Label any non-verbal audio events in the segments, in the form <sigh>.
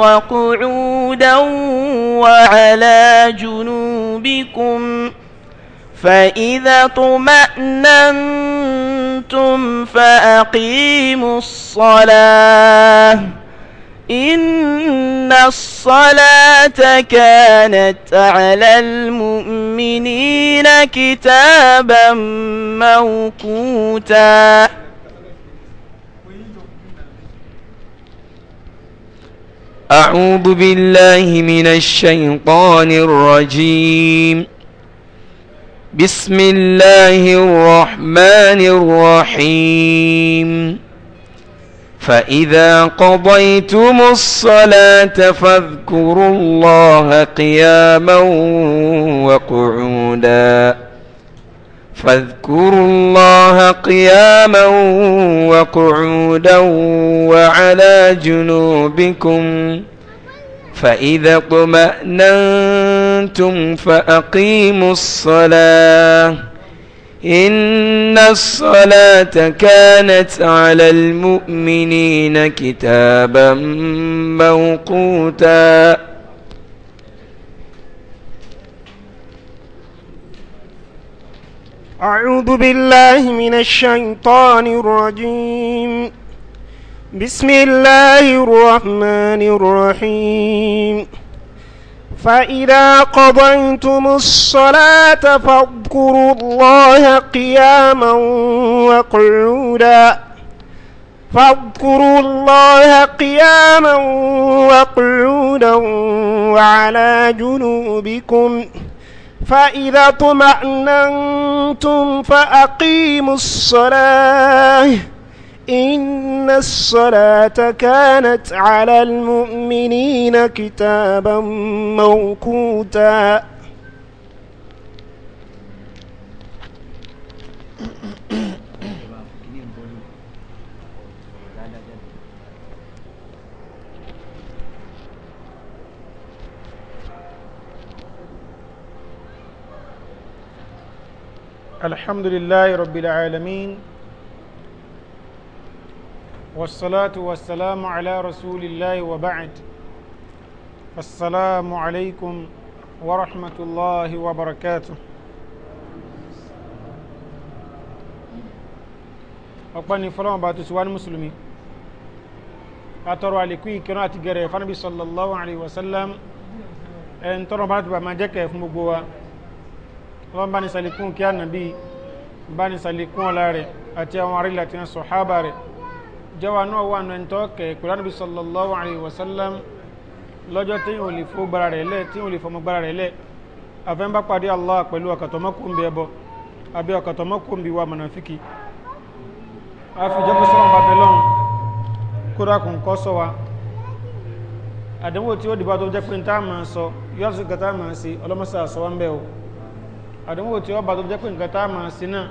وقعودا وعلى جنوبكم فإذا طمأننتم فأقيموا الصلاة إن الصلاة كانت على المؤمنين كتابا موقوتا أعوذ بالله من الشيطان الرجيم بسم الله الرحمن الرحيم فإذا قضيتم الصلاة فاذكروا الله قياما وقعوداً فاذكروا الله قياما وقعودا وعلى جنوبكم فإذا اطمأننتم فأقيموا الصلاة إن الصلاة كانت على المؤمنين كتابا موقوتاً أعوذ بالله من الشيطان الرجيم بسم الله الرحمن الرحيم فإذا قضيتم الصلاة فاذكروا الله قياما وقعودا فاذكروا الله قياما وقعودا وعلى جنوبكم ۖ فإذا اطمأننتم فأقيموا الصلاة إن الصلاة كانت على المؤمنين كتابا موقوتا الحمد لله رب العالمين والصلاة والسلام على رسول الله وبعد السلام عليكم ورحمة الله وبركاته أقبلني فلان بعد سؤال مسلمي أتروا لكي كنات جري فنبي صلى الله عليه وسلم أن تروا بعد ما جكي فمبوا ọlọ́run bá ní sàlékún kí ànàbí bá ní sàlékún ọlá rẹ̀ àti àwọn arílẹ̀ àti sọ̀hábà rẹ̀ jẹ́wà náà wà nù ẹ̀ńtọ́ kẹ̀ pẹ̀lú sallallahu alayhi wa sallam lọ́jọ́ tí yóò lè fó gbára rẹ̀ lẹ̀ tí yóò lè fọmọ gbára rẹ̀ lẹ̀ Allah pẹ̀lú ọ̀kàtọ̀mọ́kùnbí ẹbọ àbí ọ̀kàtọ̀mọ́kùnbí wa mọ̀nàfíkì àfijọ́kú sọ́rọ̀ babylon kódà kò ń kọ́ sọ wa àdánwò tí ó dìbò àtọ́jẹ́ àdánwò tí ọba tó jẹ́ pé nǹkan tá a máa sí náà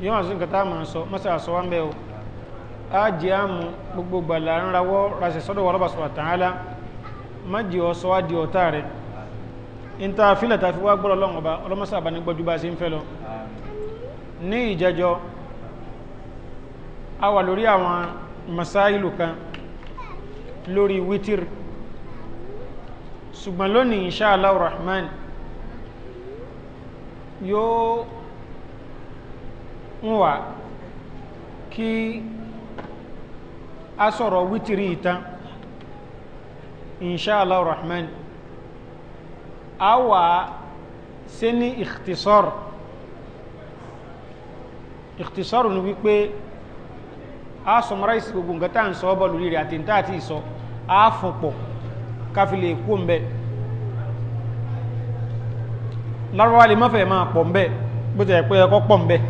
yóò wà sí nǹkan tá a máa sọ mọ́sá àsọ wá ń bẹ́ o á jẹ́ àmú gbogbo gbàlà ń rawọ́ raṣẹ̀ sọ́dọ̀ wà lọ́bàṣọ́ àtàhálà má jẹ́ ọ sọ wá di ọ̀tá rẹ̀ ń ta fílẹ̀ ta fi wá gbọ́rọ̀ ọlọ́run ọba ọlọ́mọsá àbá ní a ṣe a wà lórí àwọn masáìlù kan lórí wítìr ṣùgbọ́n lónìí rahman yóò ń wà kí a sọ̀rọ̀ wítìrí ìtàn inṣáàlá rahman a wà sí ní ikhtisar ikhtisar ni wípé a summarize gbogbo nǹkan tá à ń sọ bọ́ọ̀lù rírẹ̀ àti ìtàn àti ìsọ a fún pọ̀ káfílẹ̀ kú ń lárúbáwá lè mọ́fẹ̀ẹ́ máa pọ̀ ń bẹ́ bó ti yẹ pé ẹkọ́ pọ̀ ń bẹ́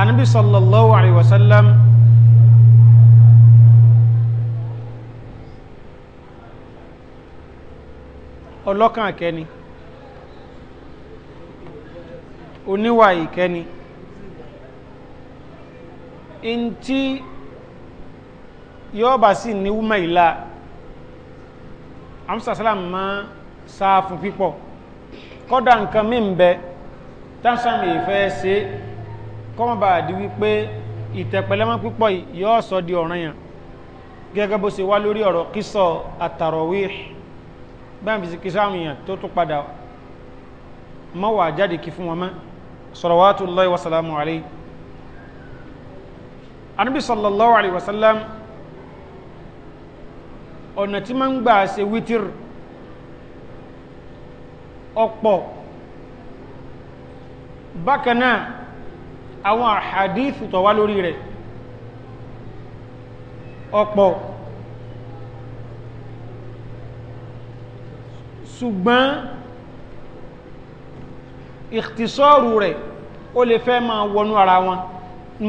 anabi sallallahu alayhi wa sallam ọlọ́kàn akẹni oníwà ìkẹni ntí yọọba sí ní wúmọ ìlà amsa salam máa sáàfù pípọ̀ kọ́dà nǹkan mí ń bẹ tásàmì ìfẹ́ ṣe kọ́mọ̀bà di wípé ìtẹ̀pẹ̀lẹ́mọ́ pípọ̀ yóò sọ di ọ̀ranyàn gẹ́gẹ́ bó ṣe wá lórí ọ̀rọ̀ kísọ̀ àtàrọ̀wé gbáǹbì sí kísọ̀ àwọn èèyàn tó tún padà mọ́wàá jáde kí fún wọn mọ́ ọ̀nà tí máa ń gbà ṣe wítírì ọ̀pọ̀ bákanáà àwọn àhàdíìsì tọ̀wá lórí rẹ̀ ọ̀pọ̀ ṣùgbọ́n ìtìsọ́rù rẹ̀ ó lè fẹ́ máa wọnú ara wọn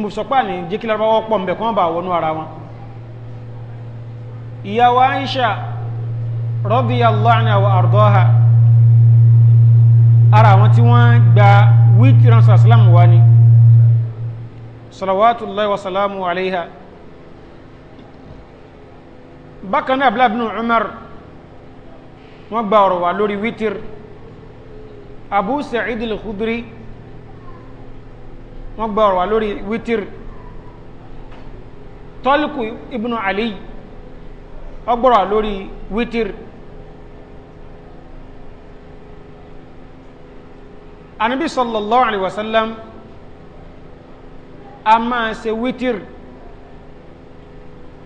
mo sọpá ní jíkílárọ́wọ́ pọ̀ mẹ́ kán bá wọnú ara wọn ìyàwó Aisha radiyallahu anha wa ardaha ara àwọn tí wọ́n gba wíìtì ránṣẹ́ àsìlámù wa ni salawatullahi wa salamu alaiha bákan náà abúlé abúlé umar wọ́n gba ọ̀rọ̀ wà lórí wítìr abu sa'id al-khudri wọ́n gba ọ̀rọ̀ wà lórí wítìr tọ́lùkù ibn ali ọgbọ̀rọ̀ lórí wítìr anabi sallallahu alaihi wasallam a máa ṣe wítìrì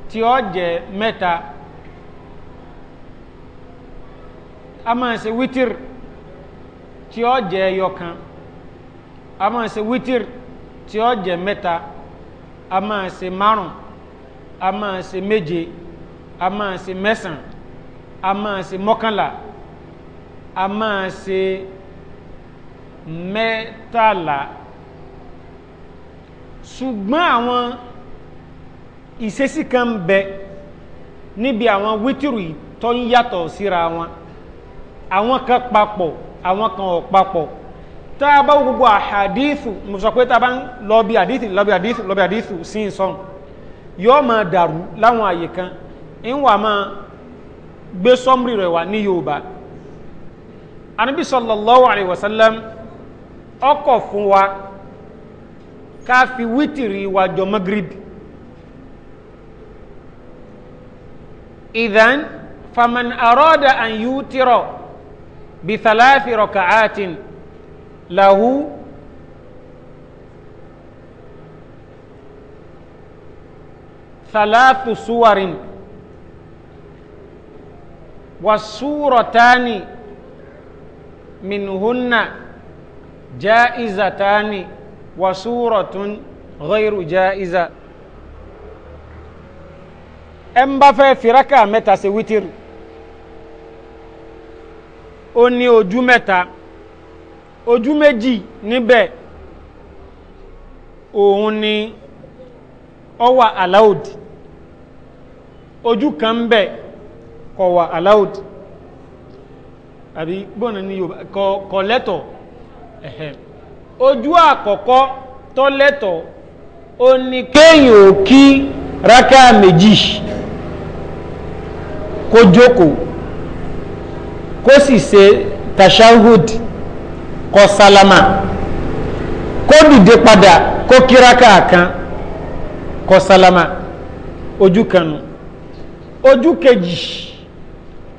tí ó jẹ́ mẹ́ta a máa ṣe wítìrì tí ó jẹ́ ẹyọkan a máa ṣe wítìrì tí ó jẹ́ mẹ́ta a máa ṣe márùn a máa ṣe méje a máa ṣe mẹ́sàn a máa ṣe mọ́kànlá a máa Se mẹ́tàlá ṣùgbọ́n àwọn ìṣesí kan ń bẹ níbi àwọn wítìrì tó ń yàtọ̀ síra wọn àwọn kan papọ̀ àwọn kan ò papọ̀ tá a bá gbogbo àhàdíìsù mo sọ pé tá a bá ń lọ bí àdíìsù lọ bí àdíìsù lọ sí ìsọ̀n yóò máa dàrú láwọn àyè kan ń wà máa gbé sọ́mrì rẹ̀ wà ní Yorùbá anabi sallallahu ọkọ̀ fún wa ká fi wítìrì wa jọ magrib ìdán faman arọ́dà an yútírọ̀ bí thalathi raka'atin lahu thalathu suwarin wasuratani minhunna jaizatani wa suratun ghairu jaiza ẹ ń bá fẹ́ firaka mẹ́ta ṣe wítìrì ó ní ojú mẹ́ta ojú méjì níbẹ̀ òun ni ó allowed ojú kan ń bẹ̀ kò allowed àbí gbọ́nà ní yorùbá kò lẹ́tọ̀ọ́ ojú àkọ́kọ́ tó lẹ́tọ̀ ó ní kéèyàn ò kí rákà méjì kó jókòó kó sì ṣe tashahud kó sálámà kó dìde padà kó kí rákà kan kó sálámà ojú kanu ojú kejì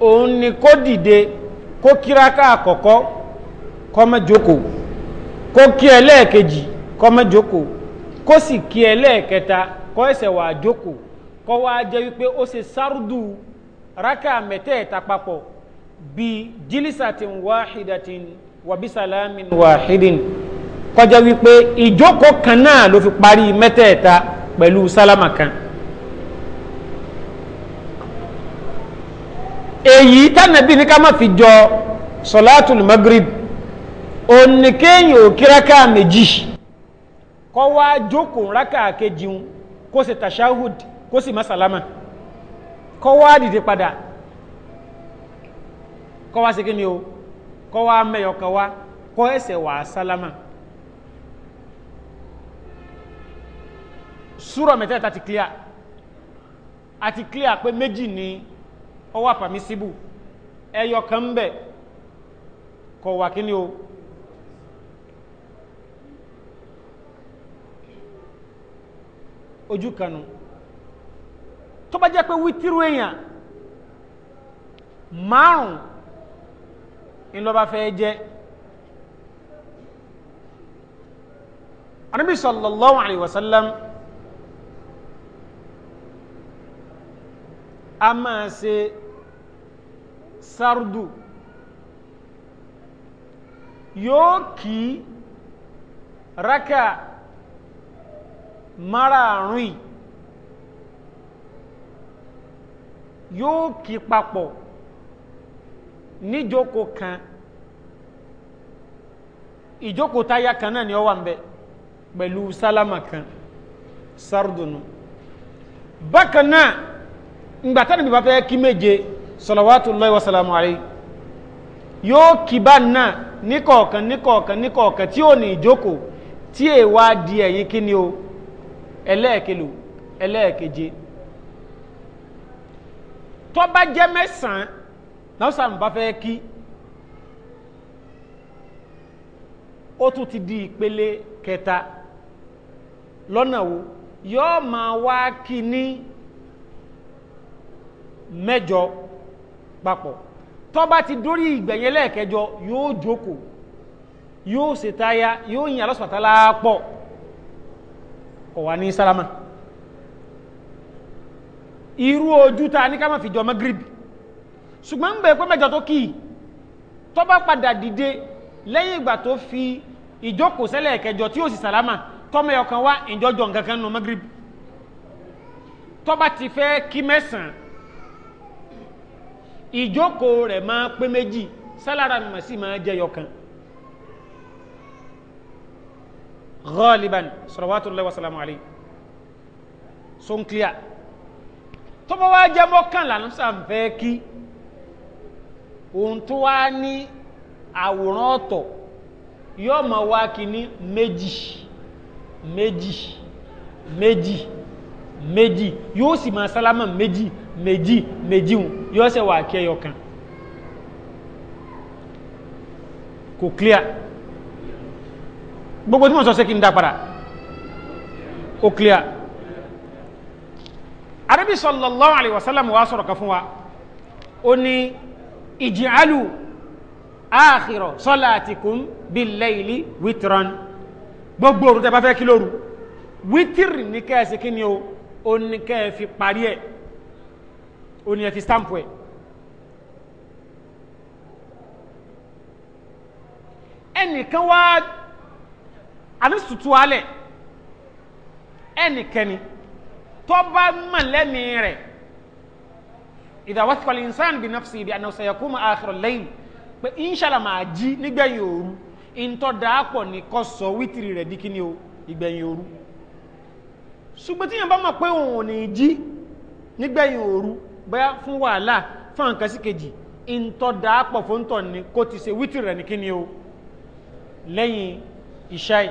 òun ni kó dìde kó kí rákà àkọ́kọ́ kọ́mọ jókòó kó kí ẹ lẹ́ẹ̀kejì kọ́mọ jókòó kó sì kí ẹ lẹ́ẹ̀kẹta kọ́ ẹsẹ̀ wà jókòó kọ́ wá jẹ́ wípé ó ṣe sárúdù rákà mẹ́tẹ̀ẹ̀ta papọ̀ bí jílísàtìn wáhídàtìn wàbísàlámìn wàhídìn kọjá wípé ìjókòó kan náà ló fi parí mẹ́tẹ̀ẹ̀ta pẹ̀lú sálámà kan. èyí tánàbí ní ká má fi jọ sọláàtùl magrib òní kéèyàn ò kí rákà méjì kọ́ wá jókòó rákà kejì ń kó sì tashahud kó sì masalama kọ́ wá dìde padà kọ́ wá sí kí ni o kọ́ wá mẹ́yọ̀ kan wá kọ́ ẹsẹ̀ wà sálámà súrọ̀ mẹ́tẹ́ẹ̀ta ti clear àti clear pé méjì ni ọwọ́ àpàmísíbù ẹyọ kan ń bẹ̀ kọ̀ wà kí ni o ojú kanu tó bá jẹ́ pé wítírú èèyàn márùn ìlọba fẹ́ jẹ́ anábì sallallahu alayhi wa sallam a máa ṣe sardu yóò kí raka márààrún yìí yóò kí papọ̀ níjókòó kan ìjókòó táyà kan náà ni ó wà ń bẹ pẹ̀lú sálámà kan sárdùnú bákan náà ngbàtánà bí bá fẹ́ kí méje salawatullahi wa salamu alayhi yóò kí bá náà níkọ̀ọ̀kan níkọ̀ọ̀kan níkọ̀ọ̀kan tí ò ní ìjókòó tí èèwà di ẹ̀yìn kí ni o. ẹlẹ́ẹ̀kelo ẹlẹ́ẹ̀keje tó bá jẹ́ mẹ́sàn-án náwùsàn bá fẹ́ kí ó tún ti di ìpele kẹta lọ́nà wo yóò máa wá kí ní mẹ́jọ papọ̀ tó bá ti dórí ìgbẹ̀yẹn yóò jókòó yóò ṣètáyà yóò yìn alọ́sọ̀tà kọ̀ wá ní sálámà irú ojú ta ní ká má fi jọ magribi ṣùgbọ́n ń bẹ̀ pé mẹ́jọ tó kì í tó bá padà dìde lẹ́yìn ìgbà tó fi ìjókòó sẹ́lẹ̀ kẹjọ tí ó sì sálámà tọ́mọ ẹ̀yọkan wá ìjọjọ nǹkan nù magribi tó bá ti fẹ́ kí mẹ́sàn-án rẹ̀ máa pé méjì sálára mi mà sí máa jẹyọ kan ghaliban salawatullahi wa salamu alayhi so n clear tó bá wá jẹ́ mọ́kànlá ló sàn fẹ́ kí ohun tó wá ní àwòrán ọ̀tọ̀ yóò máa wá kí ní méjì méjì méjì méjì yóò sì máa sálámà méjì méjì méjì hùn yóò ṣe wà kí ẹyọ kan kò clear gbogbo tí mo sọ sí kí n dá padà ó clear arabi sallallahu alaihi wasallam wa sọ̀rọ̀ kan fún wa ó ní ij'alu akhira salatikum bil layli witran gbogbo òru tẹ́ bá fẹ́ kí lóru wítìrì ní kẹ́ẹ̀sì kí ni ó ní kẹ́ẹ̀ parí ẹ̀ ó ní ẹ stamp ẹ̀ ẹnìkan wá àní sùtù alẹ̀ ẹnikẹ́ni tọ́ba mọ̀lẹ́mí rẹ̀ ìdáwọ́sí kọ́lé nsán bí nafsi bi àná sẹ̀yẹ̀kú mu àkàrọ̀ lẹ́yìn pé inṣàlá máa jí nígbẹ̀yìn òru ìntọ́ dàápọ̀ ní kọ́ sọ wítìrì rẹ̀ díkíní o ìgbẹ̀yìn òru ṣùgbọ́n tí yẹn bá mọ̀ pé òun ò ní jí nígbẹ̀yìn òru bóyá fún wàhálà fún nǹkan sí kejì ìntọ́ dàápọ̀ fóńtọ̀ ní kó ti ṣe wítìrì rẹ̀ ní o lẹ́yìn ìṣáì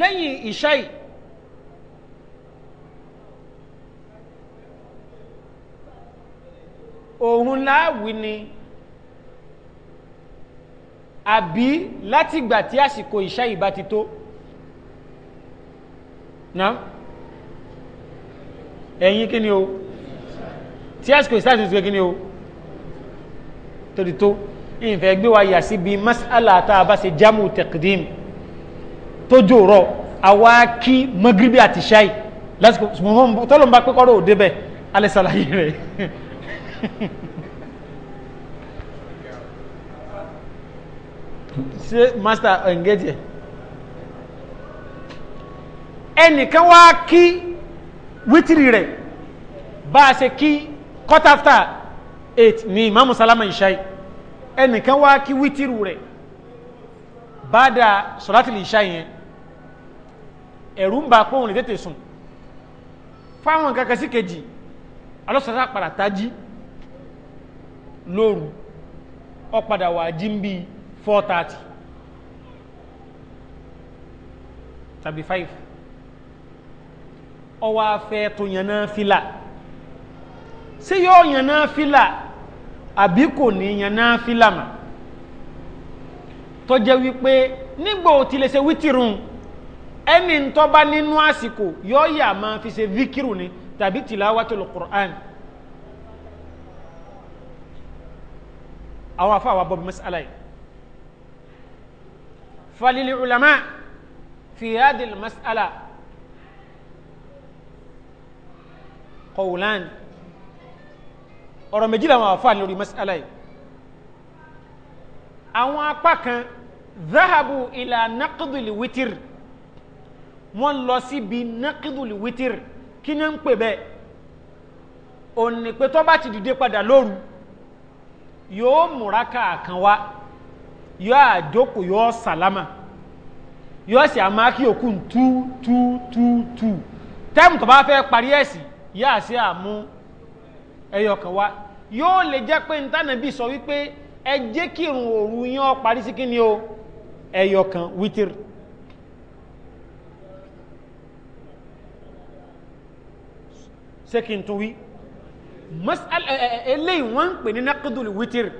lẹ́yìn ìṣá yìí òun láàwí ni àbí látìgbà tí àsìkò ìṣá yìí bá ti tó náà ẹ̀yin kí ni o tí àsìkò ìṣá yìí tó kí ni o torí tó ìfẹ́ gbé wa yà sí bí mas'ala tá a bá ṣe jámù taqdim tó jòrọ àwa kí magribi àti ṣáì lásìkò tọ́lọ̀ ń bá pé òde bẹ̀ alẹ́ rẹ̀ <laughs> ṣe master engage ẹnìkan wá kí wítìrì rẹ̀ bá a ṣe kí cut after eight ni imamu salama ìṣáì ẹnìkan wá kí wítìrì rẹ̀ bá a sọ̀rọ̀ àtìlì ìṣáì yẹn ẹ̀rù ń ba pé òun lè tètè sùn fáwọn kankan sí kejì alọ́sọ̀tà padà tají lóru ó padà wà jí ń bí four thirty tàbí five ó wá fẹ́ tó yàn náà fìlà ṣé yóò yàn náà fìlà àbí kò ní yàn náà fìlà mà tó jẹ́ wípé nígbà ò lè ṣe wítìrún ẹni tó bá nínú àsìkò yóò yà máa fi ṣe vikiru ni tàbí tìláwátìlù Qur'an àwọn afọ àwọn bọ́bí masala yìí falili ulama fi hadil masala qawlan ọ̀rọ̀ méjì làwọn àfáà lórí masala yìí àwọn apá kan zahabu ila naqdil witir wọ́n lọ síbi nákìdùlì wítìrì kí ni ń pè bẹ́ẹ̀ òní pé tó bá ti dìde padà lóru yóò múra káàkan wá yóò àjókò yóò sàlámà yóò sì àmákí òkú tú tú tú tú tẹ́mù tó bá fẹ́ parí ẹ̀sì yóò sí àmú ẹyọ kan wá yóò lè jẹ́ pé ntánàbí sọ wípé ẹ jẹ́ kírun òru yán parí sí kí ni o ẹyọ kan ṣé kí n tún wí eléyìí wọ́n ń pè ní nákúdùl wítìrì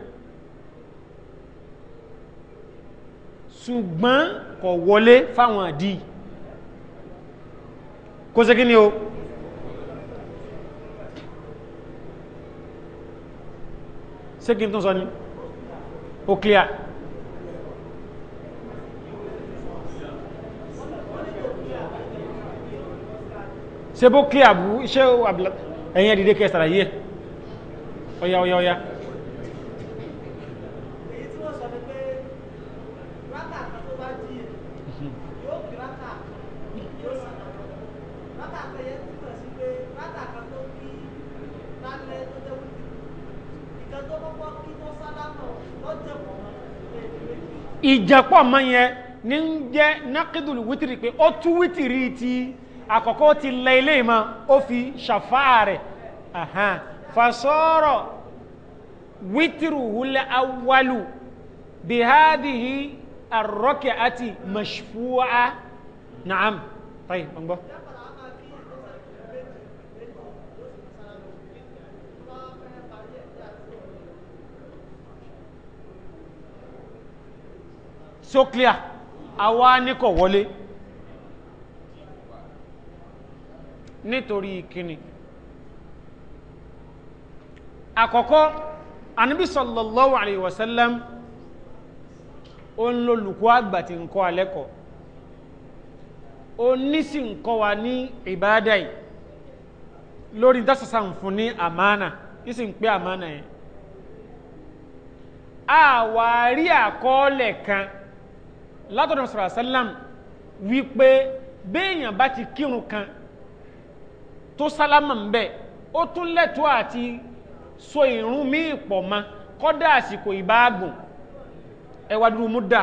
ṣùgbọ́n kò wọlé fáwọn àdí kó ṣe ni o ṣé sọ ni ó clear ṣe bó kí àbú iṣẹ́ ẹ̀yìn ẹ̀dìdẹ́ kẹ́ sàràyé ẹ̀ ọya ọya ọya ìjẹ́pọ̀ mọ́ yẹn ní ń jẹ́ nákìdùn wítìrì pé ó tú wítìrì ti àkọ́kọ́ ti lẹ ilé ìmọ̀ ó fi ṣàfáà rẹ̀ fasọ́rọ̀ wítìrù hulẹ̀ awalu bí hádìí àrọ́kẹ̀ àti mashfu'a na'am tayi gbogbo so clear àwa ní kò wọlé nítorí ìkíni àkọ́kọ́ anabi sallallahu alayhi wa sallam ó ń lo lùkú àgbà tí ń kọ́ alẹ́kọ̀ọ́ ó ní sì ń kọ́ wa ní ìbáadà yìí lórí dásásà ń fún ní àmánà yìí sì pé àmánà yẹn àwárí àkọọ́lẹ̀ kan látọ̀dọ̀ sọ̀rọ̀ sálàm wípé béèyàn bá ti kírun kan tó sálámà ń bẹ ó tún lẹ́tọ́ àti so ìrún míì pọ̀ ma kọ́dá àsìkò ìbáàgùn ẹwà dúró mú dà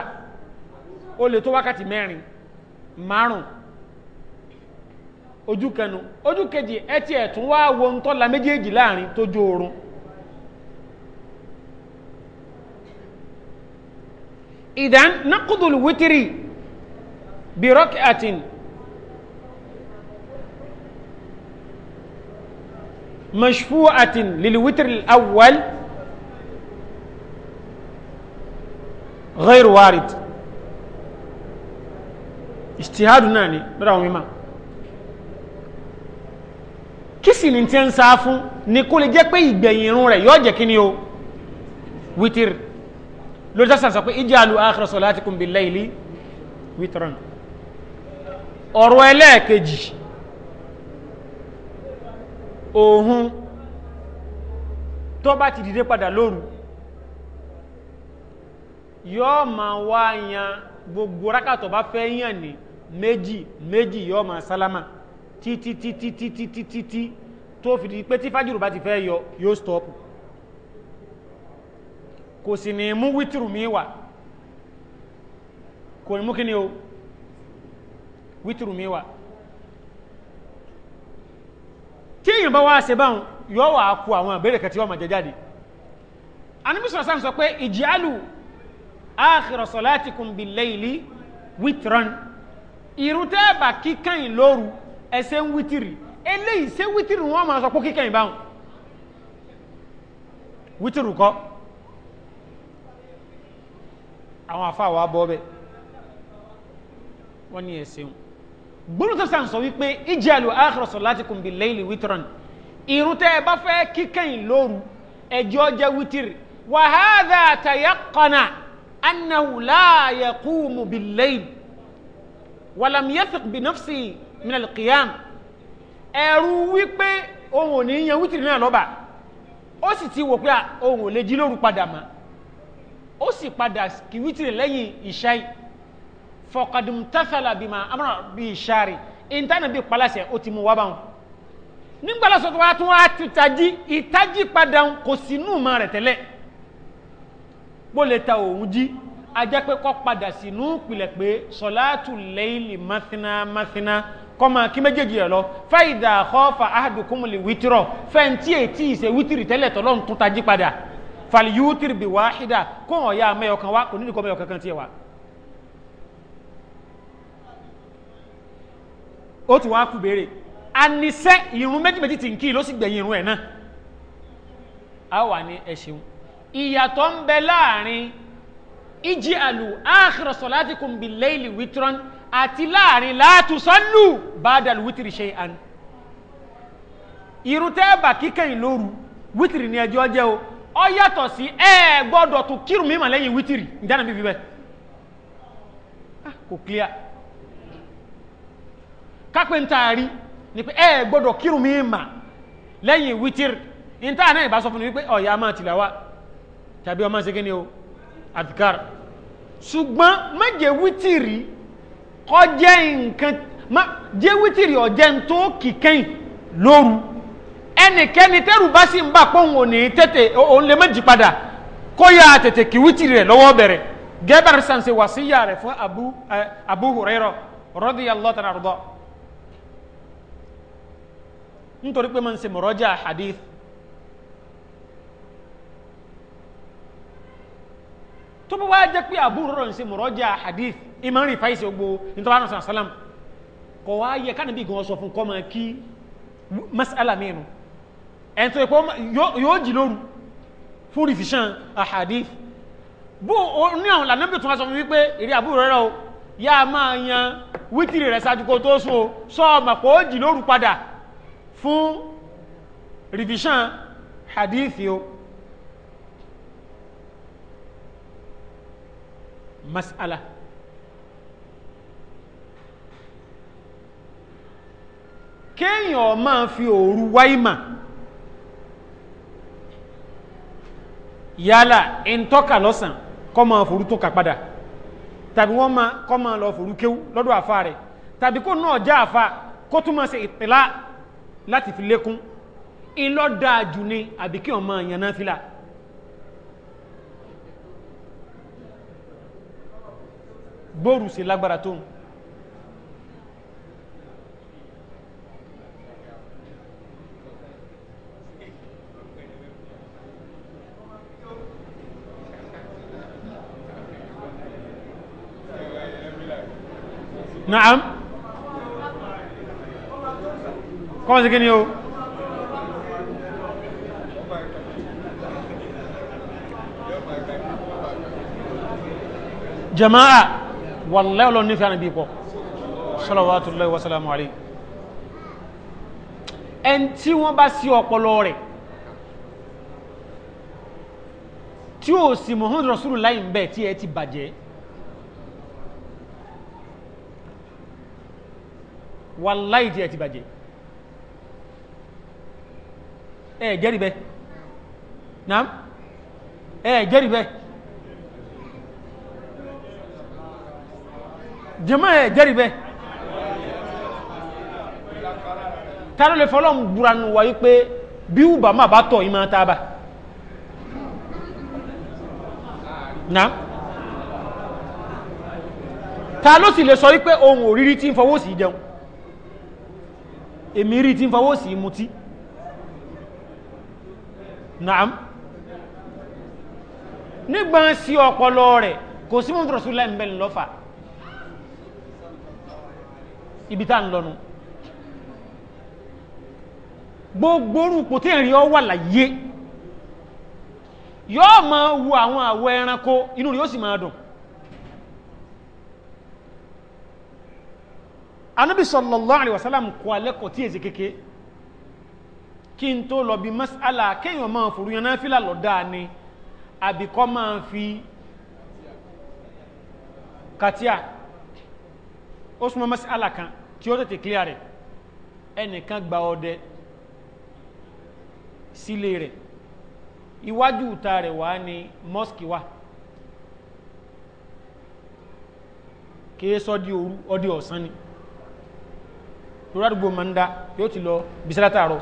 ó lè tó wákàtí mẹ́rin márùn ojú kẹnu ojú kejì ẹ ti ẹ̀tún wá wo ń tọ́la méjèèjì láàrin tó jó oorun ìdán nákùdùlù wítírì bí rọ́kì àtìní مشفوعة للوتر الأول غير وارد اجتهاد ناني براو مما kìsì ní tí ń sá fún ni kó lè jẹ́ pé ìgbẹ̀yìn irun rẹ̀ yóò jẹ́ kí ni o wítìrì lórí tásán sọ ij'alu akhira salatikum bil layli wítìrì ọ̀rọ̀ ẹlẹ́ẹ̀kejì òhun tó bá ti dìde padà lóru yóò máa wá yan gbogbo rákàtọ̀ bá fẹ́ yàn ní méjì méjì yóò máa sálámà títí títí títí títí tí tó fi di pé tí fájìrù bá ti fẹ́ yọ yóò stọ́pù kò sì ní mú wítìrù mi wà kò ní mú kí ni o wítìrù mi wà tí èyàn bá wá ṣe báhùn yóò wà kú àwọn àbẹ́rẹ̀ kẹtí ọmọ jẹjáde anibisọ̀ sáà sọ pé ìjìálù akhira salatikum bil layli witran ìrútẹ́ẹ̀bà kíkàyìn lóru ẹsẹ̀ ń wítìrì eléyìí ṣé wítìrì wọn máa sọ pé kíkàyìn báhùn wítìrì kọ́ àwọn àfáà wa bọ́ bẹ́ẹ̀ wọ́n ní ẹ̀sìn gbónú tó sàn sọ wípé ijalu akhira salatikum bil layli witran irun tẹ́ ẹ bá fẹ́ kíkẹ́yìn lóru ẹjọ́ jẹ́ wítìrì wa hadha tayaqqana annahu la yaqumu bil layli wa lam yathiq bi nafsihi min al qiyam ẹ̀rù wípé òun ò ní yan náà lọ́ba ó sì ti wò pé ah, òun ò lè jí lóru padà mọ́ ó sì padà kí wítìrì lẹ́yìn ìṣáì fọkàdùm tafẹlẹ bí ma amúnà bí sari ìntànà bí kpalasẹ o ti mú wá báwọn nígbàlá sọtọ wa tún wá tu tají ìtají padà kò sí nù má rẹ tẹlẹ bó lè ta òun jí ajá pé kọ́ padà sí nù pilẹ̀ pé sọláàtù lẹ́yìnlì máfínà máfínà kọ́mọ kí méjèèjì rẹ lọ fáìdà kọ́fà áhàdùkúmùlì wítírọ̀ fẹ́ǹtì ètí ìṣe wítírì tẹ́lẹ̀ tọ́lọ́run tún tají padà fàlìyútírì bí wáhídà o hàn ya mẹ́yọkan wá kò nídìí kọ́ mẹ́yọkan kan tiẹ̀ wá. ó tún wá kú béèrè ànisẹ́ ìrún méjì méjì tí ń kí ló sì gbẹ̀yìn ìrún ẹ̀ náà a wà ní ẹ̀ṣẹ̀un ìyàtọ̀ ń bẹ láàrin ìjì àlù akhira salatikum bil layli witron àti láàrin la tusallu ba'dal witri shay'an ìrún tẹ́ẹ̀bà kíkẹ́yìn lóru wítìrì ní ẹjọ́ jẹ́ o ọ yàtọ̀ sí ẹ gbọ́dọ̀ tó kírun mímọ̀ lẹ́yìn wítìrì ìdáná bíbí bẹ́ẹ̀ ah, kò clear kápẹ́ ń taari ni pé ẹ gbọ́dọ̀ kírun mi mà lẹ́yìn wítírì ní táà náà ìbá sọ fún mi wípé ọ̀yà máa tìlà wá tàbí ọmọ ṣe kíni o adhkar ṣùgbọ́n má jẹ́ wítírì ọjẹ́ nǹkan má jẹ́ wítírì ọjẹ́ ń tó kìkẹ́yìn lóru ẹnikẹ́ni tẹ́rù bá sì ń bà pọ́n òun ní tètè òun lè má jí padà kó yá tètè kí wítírì rẹ̀ lọ́wọ́ bẹ̀rẹ̀ gẹ́bẹ̀rẹ̀ sàn ṣe wàsíyà rẹ̀ fún Abu Hurairah radiyallahu ta'ala anhu nítorí pé ma ń ṣe mọ̀rọ́jà hadith tó bá wá jẹ́ pé àbúrò rọ̀ ń ṣe mọ̀rọ́jà hadith ìmọ̀ rí fàíṣẹ́ ogbó nítorí àwọn ọ̀sán sálám kọ̀ wá yẹ ká níbi gan sọ fún kọ́ máa kí masala mẹ́nu ẹni tó yóò jì lóru fún rìfìṣàn ahadith bó ní àwọn lànàbì tó wá sọ fún wípé ìrí àbúrò rẹ̀ o yá máa yan wítìrì rẹ̀ ṣáájú kó tó sùn o sọ ọmọ pé ó jì lóru padà fún revision hadithi o masala kéèyàn máa fi òru wáìmà yálà ìntọ́ka lọ́sàn kọ́ máa fòrú tó kà padà tàbí wọ́n máa kọ́ máa lọ fòrú kéwú lọ́dọ̀ àfa rẹ̀ tàbí kó náà já àfa kó tún máa ṣe láti fi lékún ìlọ dáa jù ni àbí kí wọn máa yan náfìlà sí lágbára tó ń Naam. kọ́mọ̀ sí kí ni o jama'a wallahi olóòn nífẹ́ ànàbí pọ̀ salawatullahi wasalamu alayhi ẹn tí wọ́n bá sí ọpọlọ rẹ̀ tí ó sì Muhammad Rasulullah ń bẹ̀ tí ẹ ti bàjẹ́ wallahi tí ẹ ti bàjẹ́ ẹ jẹ́rì bẹ́ẹ̀ naam ẹ jẹ́rì bẹ́ẹ̀ jẹ́mọ́ ẹ jẹ́rì bẹ́ẹ̀ tààrà lè wa yi pe bi wáyé pé bí ùbà máa bá tọ̀ ìmọ̀ tàbà naam ta ló sọ wípé ohun oriri ti n fowo si jẹun emiri ti n fowo si muti naam nígbà sí ọpọlọ rẹ̀ kò sí mọ́tò rọ̀súlá ń bẹ lọ́fà ibi tá ń lọ́nu gbogbo orúkọ tí ìrìn ọ wà láyé yóò máa wo àwọn àwọ ẹranko inú rẹ̀ yóò sì máa dùn anábì sallallahu alaihi wasallam kọ alẹ́kọ̀ọ́ tí èsì kékeré kí n tó lọ bí masala kéèyàn máa fòrú yan náfìlà lọ́dà ni àbíkọ́ máa fi katia ó súnmọ́ masala kan tí ó tètè clear rẹ̀ ẹnìkan gba ọdẹ sílé rẹ̀ iwájú ìta rẹ̀ wá ní mosque wà kìí sọ́dí òru ọdí ọ̀sán ni lórí àdúgbò manda yóò ti lọ bisára tààrọ̀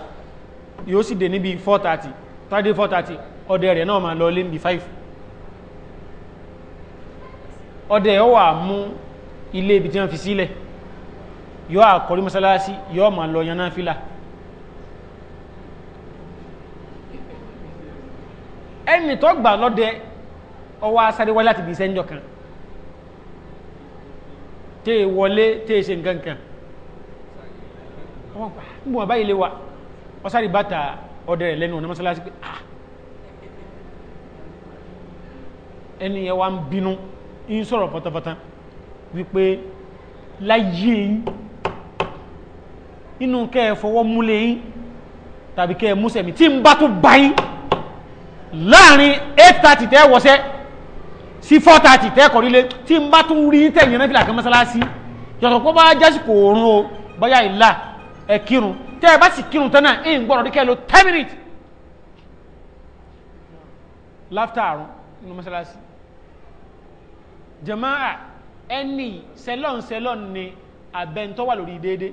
yóò sì dé níbi 430 tàdé 430 ọdẹ rẹ̀ náà ma lọ lé níbi 5 ọdẹ yóò wà mú ilé ibi tí wọ́n fi sílẹ̀ yóò àkọrí mọ́sálásí yóò ma lọ yaná fílà ẹni tó gbà lọ́dẹ ọwọ́ asáré wáyé láti bí sẹ́ńjọ kan tẹ́ wọlé tẹ́ ṣe nǹkan kan wọ́n gbà ń bọ̀ báyìí lè wà wọ́n sáré bàtà ọdẹ rẹ̀ lẹ́nu ọ̀nà mọ́sálásí pé ah ẹni yẹn wá ń bínú ń sọ̀rọ̀ pátápátá wípé láyé yín inú kẹ́ fọwọ́ múlẹ̀ yín tàbí kẹ́ ẹ mi tí ń bá tún bá láàrin eight thirty tẹ́ wọ́sẹ́ sí four thirty tẹ́ kọ̀rílé tí ń bá tún rí tẹ̀yìn náà fìlà kan mọ́sálásí yọ̀tọ̀ pọ́ bá jásìkò òórùn o bọ́yá ìlà ẹ tẹ́ ẹ bá sì kírun tán náà ń gbọ́dọ̀ díkẹ́ lo ten minutes láftà àrùn nínú mọ́sálásí jàmáà ẹni sẹlọ́n sẹlọ́n ni àbẹ̀ntọ́ wà lórí déédéé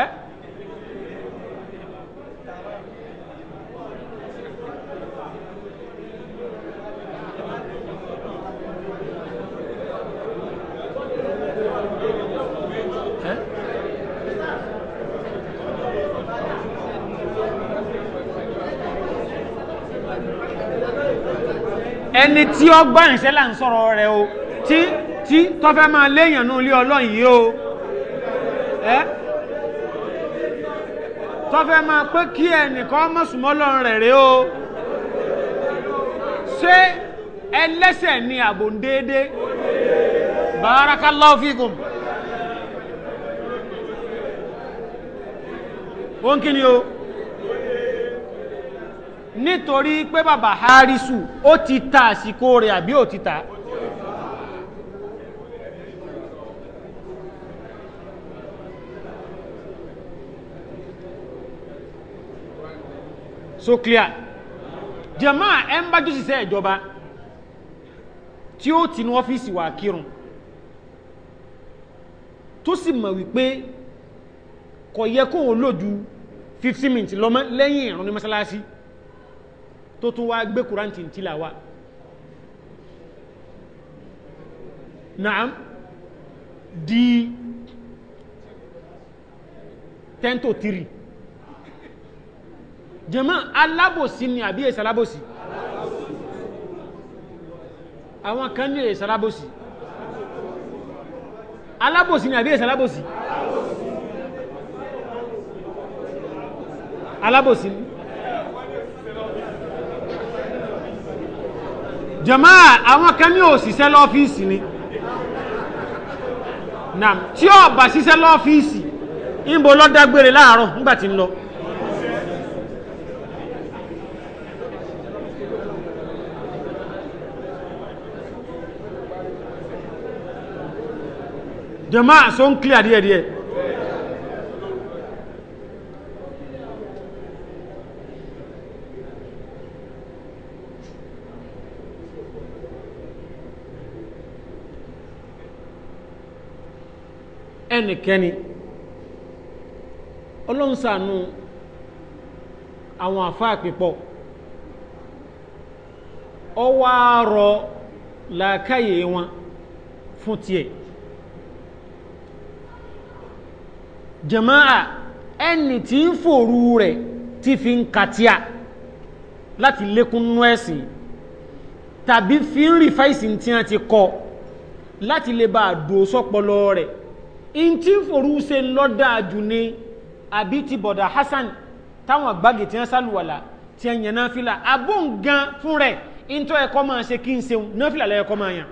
ẹ́ eh? ẹni tí ó gbọ́ ìṣẹ́ là ń sọ̀rọ̀ rẹ̀ o tí tí tọ́fẹ́ máa léèyàn ní ilé ọlọ́run yìí o ẹ́ tọ́fẹ́ máa pé kí ẹnìkan mọ̀sùmọ́ ọlọ́run rẹ̀ rẹ̀ o ṣé ẹlẹ́sẹ̀ ni àbò ń déédé barakallahu fikum ó ń kí ni o nítorí pé bàbá harisu ó ti ta àsìkò rẹ̀ àbí ó ti ta so clear jama ẹ ń bá jọ́sísẹ́ ìjọba tí ó ti ní ọ́fíìsì wà kírun tó sì mọ̀ wípé kò yẹ kóhun lójú 15 minutes lọ́mọ lẹ́yìn ìrún ní mọ́sálásí tó tún wá gbé kuran tí ń tilà wa naam di tẹ́ntò tiri jẹ́mọ́ alábòsí ni àbí èsì alábòsí àwọn kan ní èsì alábòsí alábòsí ni àbí èsì alábòsí alábòsí ni jàmáà àwọn kan ní òṣìṣẹ́ lọ́fíìsì ni naam tí ó bá ṣiṣẹ́ lọ́fíìsì ìbò lọ́dágbére láàárọ̀ nígbà tí ń lọ jàmáà so ń kílẹ̀ díẹ̀díẹ̀ ẹnikẹ́ni ọlọ́run ṣàánú àwọn àfáà pípọ̀ ọwọ́ àárọ̀ làákàyè wọn fún tiẹ̀ jàmáà ẹni tí ń fòrú rẹ̀ tí fi ń katia láti lékún nú ẹ̀sìn tàbí fi ń rí fáìsì tí wọ́n ti kọ láti lè bá a dòó sọ́pọlọ rẹ̀ ntí forúse lọ́dàájú ni àbí ti bọ̀dà Hasan táwọn gbági tí wọ́n sálùwàlà tí wọ́n yàn náfìlà abóǹgan fún rẹ̀ ntọ́ ẹ̀kọ́ máa ṣe kí n ṣeun náfìlà lẹ́ẹ̀kọ́ máa yàn.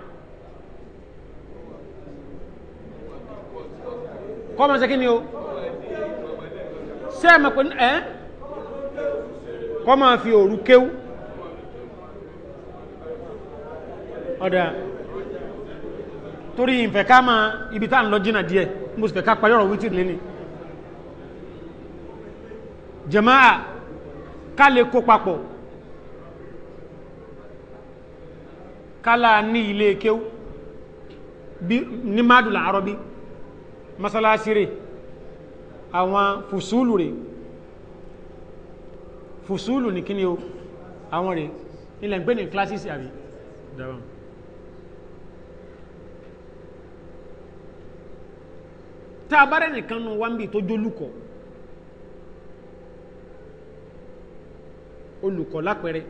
kọ́ máa ṣe kí ni o sẹ́ẹ̀ mọ̀ pé ẹ́ kọ́ máa fi òru kéwú. ọ̀dà torí ìfẹ́ ká máa ibi tá à ń lọ jìnnà díẹ̀ mo sì fẹ́ ká parí ọ̀rọ̀ wítìrì lẹ́ni jàmáà ká lè kó papọ̀ kálá ní ilé kéwú ní mádùlá àrọ́bí masalasi rẹ̀ àwọn fùsúlù rẹ̀ fùsúlù ní kíni o àwọn rẹ̀ ilẹ̀ ń gbé ní classes àbí dáwọn tá a bá rẹ̀ nìkan nu wáńbì tó jólùkọ́ olùkọ́ lápẹẹrẹ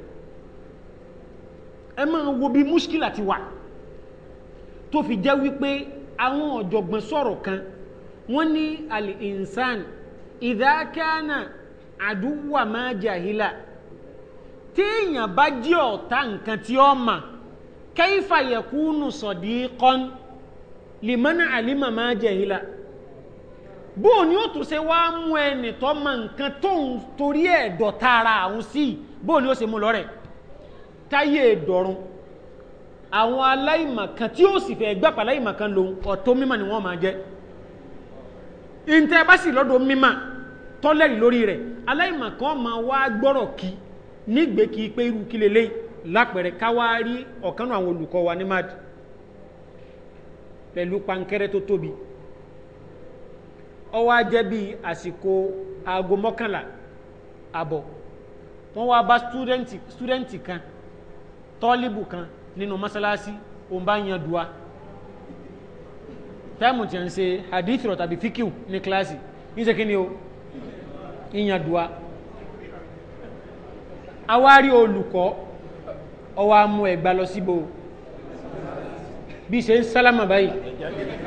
ẹ máa wo bí múṣkìlà ti wà tó fi jẹ́ wípé àwọn ọ̀jọ̀gbọ́n sọ̀rọ̀ kan wọ́n ní àlè ìnsán ìdákẹ́ánà àdúwà máa jàhílà téèyàn bá jẹ́ ọ̀tá nǹkan tí ó mà kẹ́yìfà yẹ̀kúnù sọ̀dí kan lè mọ́nà àlímà máa jàhílà bóò ni ó tún ṣe wá mú ẹnì tó mọ nǹkan tó ń torí ẹ̀ dọ̀ta ara àwọn sí i bóò ni ó ṣe mú lọ́rẹ̀ táyé dọ̀run àwọn aláìmọ̀kan tí ó sì fẹ́ gbàpà aláìmọ̀kan lòun ọ̀tọ̀ mímọ̀ ni wọ́n máa jẹ́ ìntẹ́ bá sì lọ́dọ̀ mímọ̀ tọ́lẹ̀rì lórí rẹ̀ aláìmọ̀kan máa wá gbọ́rọ̀ kí nígbè kí pé irú kí lélẹ́ lápẹ̀rẹ̀ káwá ọ̀kanú àwọn olùkọ́ wa ní mad pẹ̀lú pankẹ́rẹ́ tó tóbi ọwọ́ ajẹ́ bíi àsìkò aago mọ́kànlá àbọ̀ wọ́n wá bá stúdẹ́ǹtì stúdẹ́ǹtì kan tọ́líbù kan nínú mọ́sálásí òun bá yan dùá táìmù tí a ń ṣe hadith rọ̀ tàbí fíkìw ní kíláàsì ní ṣe kí ni o ìyàn dùá awárí olùkọ́ ọwọ́ amú ẹ̀gbá lọ síbò bí ṣe ń sálámà báyìí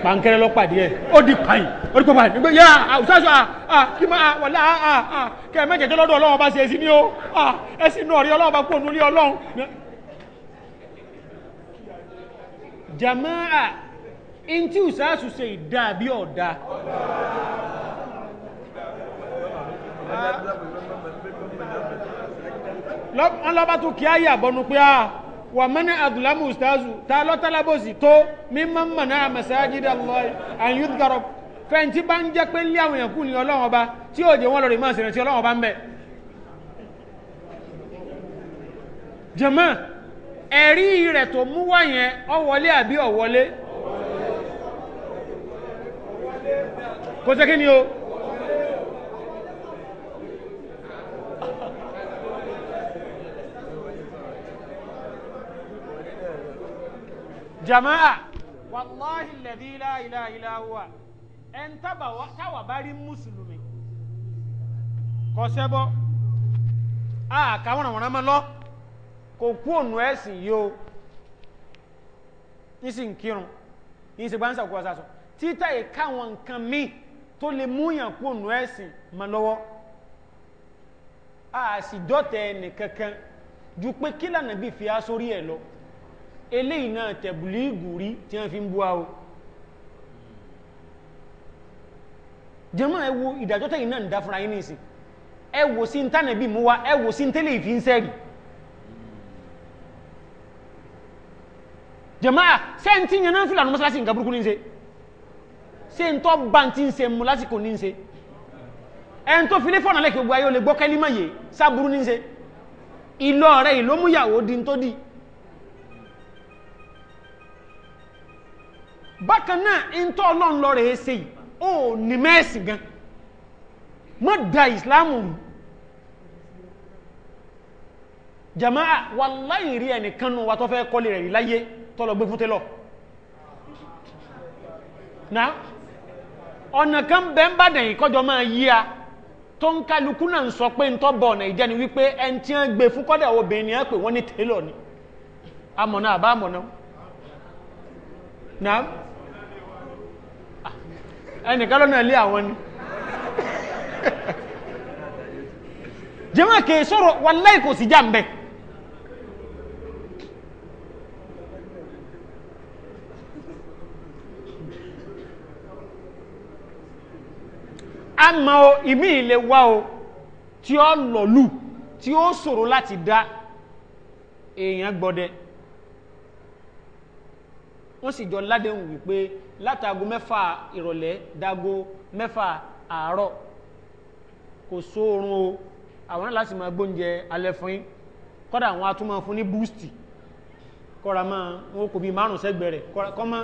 pàǹkẹ́rẹ́ lọ́pàdé ẹ̀ ó di pààyàn ó di pààyàn nígbà yà àwùsáṣọ à kí máa wọlé à à kẹ ẹ mẹ́jẹ̀jẹ́ lọ́dọ̀ ọlọ́run ọba ṣe èsì ní o ẹsì inú ọ̀rí ọlọ́run ọba kú ònú ilé ọlọ́run. jamaa ntí ìsáàsù ṣe ìdá bí ọ̀dà. wọ́n lọ́ba tún kí á yà bọ́nu pé a wà mọ́nà àdùlámù ustazu ta lọ́tàlábòsì tó mímọ́ mọ̀nà àmàsájídà lọ́ọ̀ àyùdàrọ̀ fẹ́ǹtì bá ń jẹ́ pé lé àwọn èèyàn kù ní ọlọ́run ọba tí ó jẹ́ wọ́n lọ rí máa ṣèrántí ọlọ́run ọba ń bẹ̀. jẹ̀mọ́ ẹ̀rí rẹ̀ tó mú wá yẹn ọ̀wọ́lé àbí ọ̀wọ́lé kò sẹ́kí ni o. jama'a wàláhì lẹ́dí láìlá ilá wa ẹn táwà bá rí mùsùlùmí kò ṣẹbọ àkàwọn àwọn ọmọ lọ kò kú ònú ẹ̀sìn yìí o nísìn kírun ní ṣe gbáǹsà kú ọsàsọ títà ìkáwọn nǹkan míì tó lè múyàn kú ònú ẹ̀sìn mọ́ lọ́wọ́ a sì dọ́tẹ̀ ẹnì kankan ju pé kí bí fi á sórí ẹ̀ lọ eléyìí náà tẹ̀bùlì ìgùrí tí wọ́n fi ń búwa o jẹ́mọ́ ẹ wo ìdájọ́ tẹ̀yìn náà ń dá fúnra yín ní ìsìn ẹ wò sí ntánẹ̀bí mú wa ẹ wò sí ntẹ́lẹ̀ ìfi ń sẹ́rì jẹ́mọ́ à sẹ́ntì yẹn náà fìlànà mọ́sálásí nǹkan burúkú ní ń tọ́ bá ti ìlómúyàwó di ń tó di. bákan náà ìntọ́ ọlọ́run lọ rẹ̀ ṣe yìí ní mẹ́ẹ̀sì gan mọ́ da ìsìláàmù rù jama'a wàláyì rí ẹnìkan nù wa tó fẹ́ kọ́lé rẹ̀ láyé tọ́lọ gbé fúnté náà ọ̀nà kan bẹ́ ń kọjọ máa yí a tó ń kálukú náà ń sọ pé ń tọ́bọ̀ ọ̀nà ìjẹ́ ni wípé ẹn tí wọ́n gbé fún kọ́dà obìnrin ni a pè wọ́n ní tẹ́lọ̀ ni amọ̀nà àbá amọ̀nà náà ẹnìkan lọ́nà ilé àwọn ni jẹ́mọ́ kìí sọ̀rọ̀ wàláì kò sí jàǹbẹ̀ a ma o ìmí ilé wá o tí ó lọ̀lú tí ó ṣòro láti dá èèyàn gbọ́dẹ̀ wọ́n sì jọ ládéhùn wípé látago mẹ́fà ìrọ̀lẹ́ dago mẹ́fà àárọ̀ kò sóorun o àwọn náà láti máa gbóúnjẹ alẹ́ fún yín kọ́dà àwọn atúmọ̀ fún ní búùsì kọ́ra máa wọn kò bí márùn sẹ́gbẹ̀ẹ́ kọ́ mọ́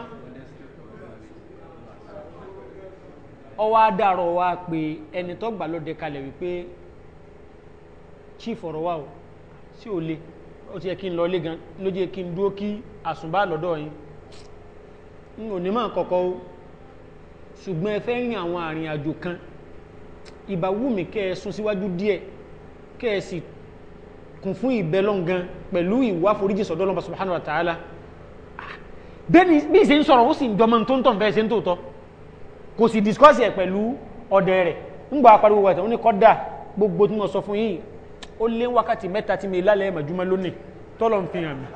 ọwọ́ adàrọ̀ wa pé ẹni tó gbà lóde kalẹ̀ wípé chief ọ̀rọ̀ wa o sí ò le ó ti yẹ kí n lọ lé gan ló jẹ́ kí n dúró kí àsùnbà lọ́dọ̀ yín n ò ní máa kọ̀kọ́ o ṣùgbọ́n ẹ fẹ́ rìn àwọn àrìn àjò kan ìbá wù mí kẹ́ ẹ sún síwájú díẹ̀ kẹ́ ẹ sì kún fún ìbẹ́lọ́ngan pẹ̀lú ìwà foríjì sọ́dọ̀ Ọlọ́run subhanahu wa ta'ala bẹ́ẹ̀ni bí ìṣe ń sọ̀rọ̀ ó sì ń jọmọ tó ń tàn bẹ́ẹ̀ ṣe ń tòótọ́ kò sì discuss ẹ̀ pẹ̀lú ọ̀dẹ rẹ̀ ńgbà apariwo wàtà ó ní kọ́dà gbogbo tí mo sọ fún yìí ó lé wákàtí mẹ́ta tí mi lálẹ́ ẹ̀mọ̀júmọ́ lónìí tọ́lọ̀ ń fi hàn mí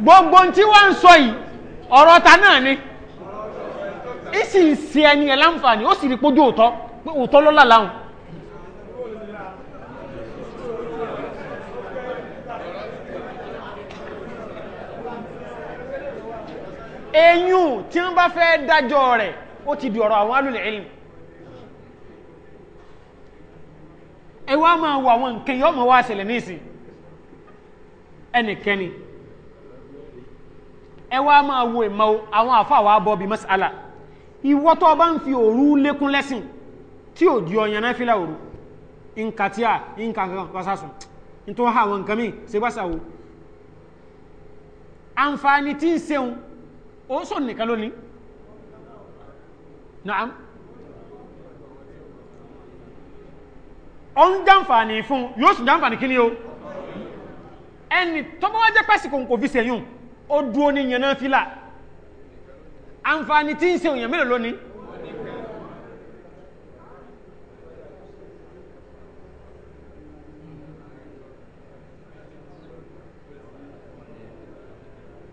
gbogbo tí wọ́n ń sọ yìí ọ̀rọ̀ ta náà ni ìsì ń ṣe ẹni ẹ̀ láǹfààní ó sì rí pójú òótọ́ pé òótọ́ lọ́la láhùn ti di ọ̀rọ̀ àwọn alùlẹ̀ ẹ̀lì Ewa ma máa wọ àwọn nǹkan yọ́ mọ̀ wá ṣẹlẹ̀ ní ene kennyi ewa ma a wọn a fawa abụọ bi matsala iwoto bá n fi oru lekun lesin ki o di onye na filo oru in ka tia in ka nkakakata fasasu in ton ha wọn nkaminin sai seun on son n kaloli na am... ọ n danfani fun yuwu sun danfani o. ẹni tọ́bọ́ wá jẹ́ pẹ́sìkò kò fi sẹ́yún ó dúó ní yẹn náà fílà àǹfààní tí ń se òyìn mélòó lónìí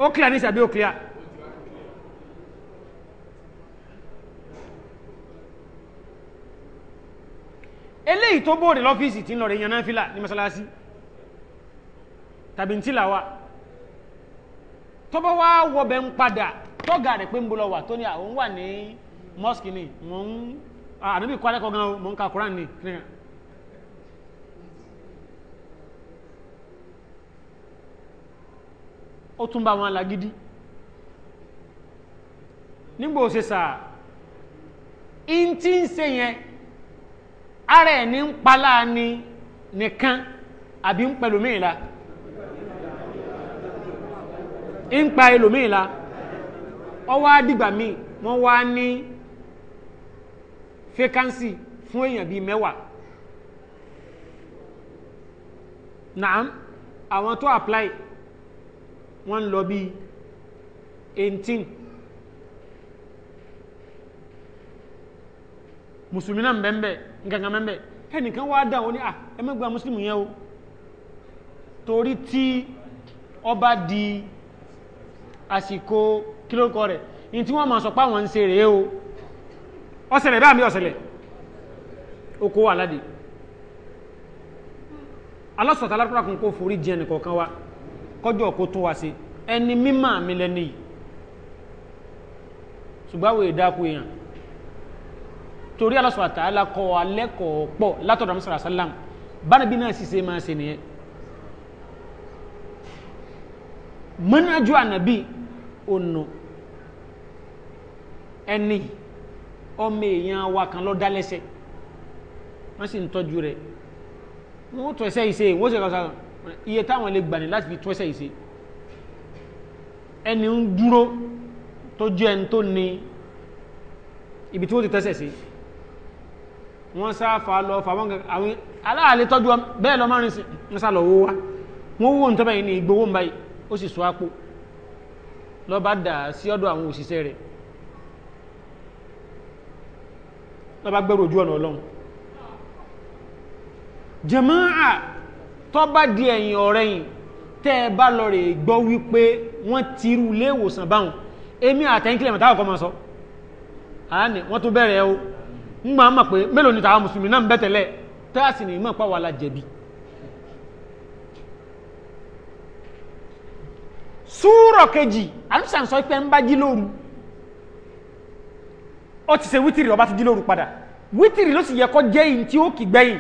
ó kílà ní ìsàbí ó kílà eléyìí tó bóòrè lọ́fíìsì tí ń lọ rẹ̀ yẹn náà fílà ní mọ́sálásí tàbí ntìlá wa tọ́ba wa wọ bẹ́ ń padà tọ́gà rẹ̀ pé ń bọ́ wà tó ní àwọn wà ní mọ́sìkì ni mò ń àdébí kọ́ alẹ́kọ̀ọ́ gan mò ń ka koran ni kiri hàn. ó tún bá wọn lagidi nígbà ó ṣe sàá in ti ń ṣe yẹn ara ẹ̀ ní ń palá ni nìkan àbí ń pẹ̀lú mìíràn ń pa ẹlòmíì la ọ wá dìgbà míì wọ́n wá ní fẹ́kánsì fún èèyàn bíi mẹ́wàá naam àwọn tó apply wọ́n ń lọ bíi eighteen mùsùlùmí náà mbẹ́mbẹ́ nkankan mbẹ́mbẹ́ ẹnìkan wá dáhùn ó ní à ẹ mẹ́gbàá mùsùlùmí yẹn o torí tí ọba di. àsìkò kílókọ rẹ̀ in tí wọ́n ma sọ pá wọn ń ṣe rèé o ọ̀sẹ̀lẹ̀ bá mi ọ̀sẹ̀lẹ̀ oko aládé alọ́sọ̀tà alákùnrin kò forí jẹ ẹnì kọ̀ọ̀kan wa kọjọ́ kó tún wa sí ẹni mímọ́ mi lẹ́ni yìí ṣùgbọ́n àwọn èèyàn torí alọ́sọ̀tà alákọ̀ọ́ alẹ́kọ̀ọ́ pọ̀ látọ̀dọ̀ manhaju anabi ono ẹni ọmọ èèyàn wa kan lọ dá lẹ́sẹ̀ wọ́n sì ń tọ́jú rẹ̀ wọ́n tọ́ ẹsẹ̀ ìṣe wọ́n iye táwọn lè gbàní láti fi tọ́ ẹsẹ̀ ìṣe ẹni ń dúró tó jẹ́ ẹni tó ní ibi tí wọ́n ti tẹ́sẹ̀ sí wọ́n sáfà lọ fàwọn àwọn aláàlẹ́ tọ́jú bẹ́ẹ̀ lọ márùn-ún sá lọ wó wá wọ́n wó ń tọ́ báyìí ìgbowó ń báyìí ó sì sọ àpò lọ́ba dà sí ọ̀dọ̀ àwọn òṣìṣẹ́ rẹ̀ lọ́ba gbẹ̀rù ojú ọ̀nà ọlọ́run jàmáà tọ́ba di ẹ̀yìn ọ̀rẹ́yìn tẹ́ ẹ bá lọ rè gbọ́ wípé wọ́n ti rú ilé ìwòsàn báwọn èmi àtẹ́ńkìlẹ̀ mọ̀tá ọ̀kọ́ máa sọ àánì wọ́n tún bẹ̀rẹ̀ o ń gbà mọ̀ pé mélòó ni tàwa mùsùlùmí náà ń bẹ̀tẹ̀lẹ̀ tẹ́ àsìnì mọ̀ pàwọ́ alájẹ̀bi súrọ̀ kejì àmìsàn sọ pé ń bá jí lóru ó ti ṣe wítìrì ló bá ti jí lóru padà wítìrì ló sì yẹ kó jẹ́ ìyìn tí ó kì gbẹ̀yìn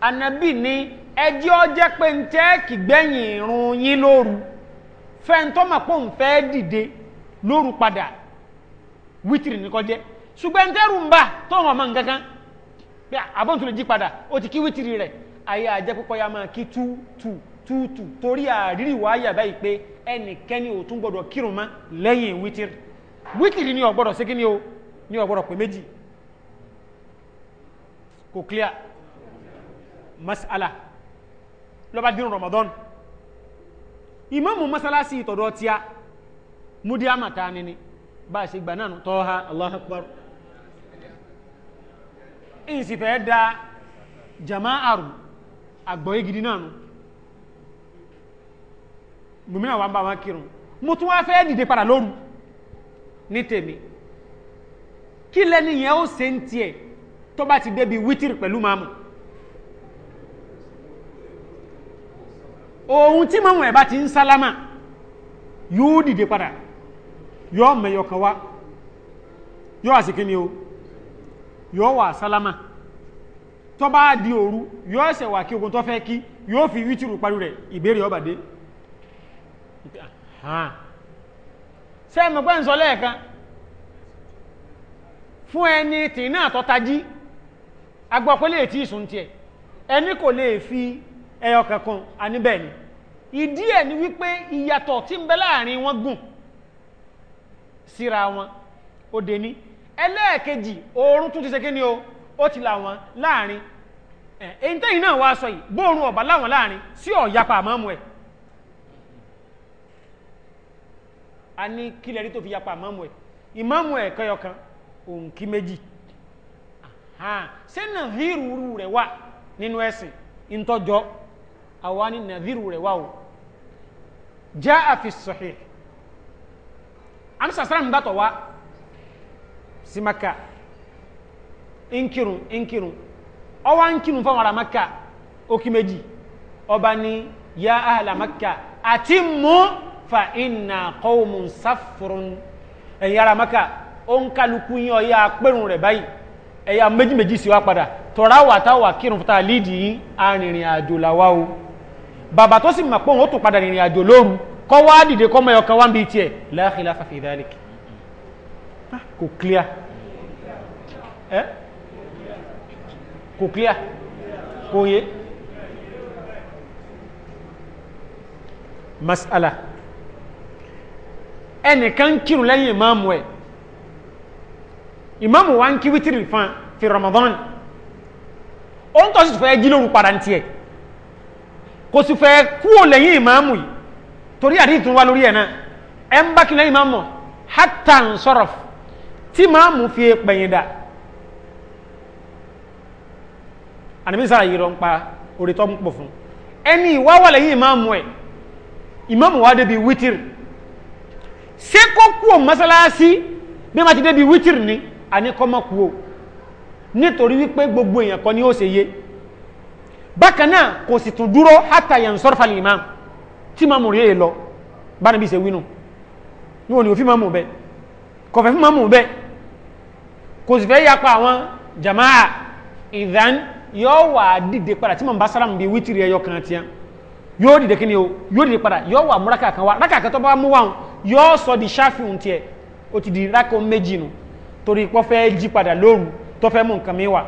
ànábì ni ẹjẹ́ ọ jẹ́ pé ń tẹ́ kì gbẹ̀yìn irun yín lóru fẹ́ntọ́ mà pọ̀ ń fẹ́ dìde lóru padà wítìrì ní kó jẹ́ ṣùgbọ́n tẹ́rù ń bà tóun ọmọ nǹkan kan bí àbọ̀ntún lè jí padà ó ti kí wítìrì rẹ̀ ayé àjẹpẹ́kọ̀ ya máa kí tú tú tútù torí àrírí wáyà báyìí pé ẹnikẹ́ni ò tún gbọ́dọ̀ kírun mọ́ lẹ́yìn wítìrì wítìrì ni ọ̀gbọ́dọ̀ sí kíní o ní ọ̀gbọ́dọ̀ pé méjì kò clear masala lọ́ba dínú Ramadan ìmáàmù masalasi ìtọ̀dọ̀ tíá múdí àmàta nini bá a ṣe gbà náà tọ́ ha Allahu Akbar ìsìfẹ́ da jama'aru àgbọ̀yé náà mùmínà wà ń bá wọn kírun mo tún wá fẹ́ dìde padà lóru ní tèmi kí lẹ́ni yẹn ó ṣe ń tiẹ̀ tó bá ti débi wítìrì pẹ̀lú máàmù ohun tí máàmù ẹ̀ bá ti ń sálámà yóò dìde padà yóò mẹ́yọ kan wá yóò àsìkí ni o yóò wà sálámà tó bá di òru yóò ẹsẹ̀ wà kí ogun tó fẹ́ kí yóò fi wítìrì parí rẹ̀ ìbéèrè ọbàdé sẹ́mi pẹ́ ń sọ lẹ́ẹ̀kan fún ẹni tì náà tọ́tají agbọ́pẹ́ lè tí ìsùn tiẹ̀ ẹni kò lè fi ẹyọ kankan aníbẹ̀ ni ìdí ẹ̀ ni wípé ìyàtọ̀ tí ń bẹ láàrin wọn gùn síra wọn ó dé ní ẹlẹ́ẹ̀kejì oorun tún ti ṣe kíni o ó ti là wọn láàrin ẹ̀ẹ́ntẹ́yìn náà wá sọ yìí bóorun ọ̀bá láwọn láàrin sí ọ̀yapa àmọ́mù ẹ̀ a ní kílẹ̀ rí tó fi yapa ìmáàmù ẹ̀ ìmáàmù ẹ̀ kẹyọkan òun kí méjì ṣé nàdírù rẹ̀ wà nínú ẹ̀sìn ìtọ́jọ́ àwa ní nàdírù rẹ̀ wà o já àfi sahih amsa sara mbatọ wa si maka nkirun nkirun ọwa nkirun fún ara maka ó kí méjì ọba ní ya ahla maka àti mú fa inna qawmun safurun ẹ̀yin ará maka ó ń kálukú yín ọ̀yà pẹ̀rùn rẹ̀ báyìí ẹ̀yà méjì méjì sí wa padà tọ́ra wà tá wà kírun fúta lídìí yín arìnrìn àjò làwa o bàbá tó sì mà pé ah, mas'ala ẹnìkan ń kírun lẹ́yìn ìmáàmù ẹ̀ ìmáàmù wa ń kí wítìrì fan fi Ramadan ó ń tọ́ sí fẹ́ jí lóru padà tiẹ̀ kò sì fẹ́ kúrò lẹ́yìn ìmáàmù yìí torí àdéhùn tún wá lórí ẹ̀ náà ẹ̀ ń bá kí lẹ́yìn ìmáàmù hátà ń sọ̀rọ̀ tí ìmáàmù fi pẹ̀yìn dà ànàmísára yìí rọ ń pa orí tó ń pò fún ẹni ìwá wà lẹ́yìn ìmáàmù ẹ̀ ìmáàmù wa débi wítìrì ṣé kó kú o mọ́sálásí bí wọ́n ti débi wítìrì ni àní kọ́ mọ́ kú o nítorí wípé gbogbo èèyàn kan ni ó ṣe yé bákan náà kò sì tún dúró hátàyàn sọ́rọ̀fà lè máa tí máa mú rí èèlọ bá níbi ṣe wínú níwọ̀n ni òfin máa mú bẹ́ kọ̀fẹ́ fún máa mú bẹ́ kò sì fẹ́ yapa àwọn jama'a ìdán yóò wà dìde padà tí ma ń bá sára bí wítìrì ẹyọ kan tiẹ́ yóò dìde kí ni o yóò dìde padà yóò wà mú rákà kan rákà kan bá mú wá yóò sọ di ṣáfihùn tiẹ̀ ó ti di rákò méjì nu torí pọ́ fẹ́ jí padà lóru tó fẹ́ mú nǹkan mi wá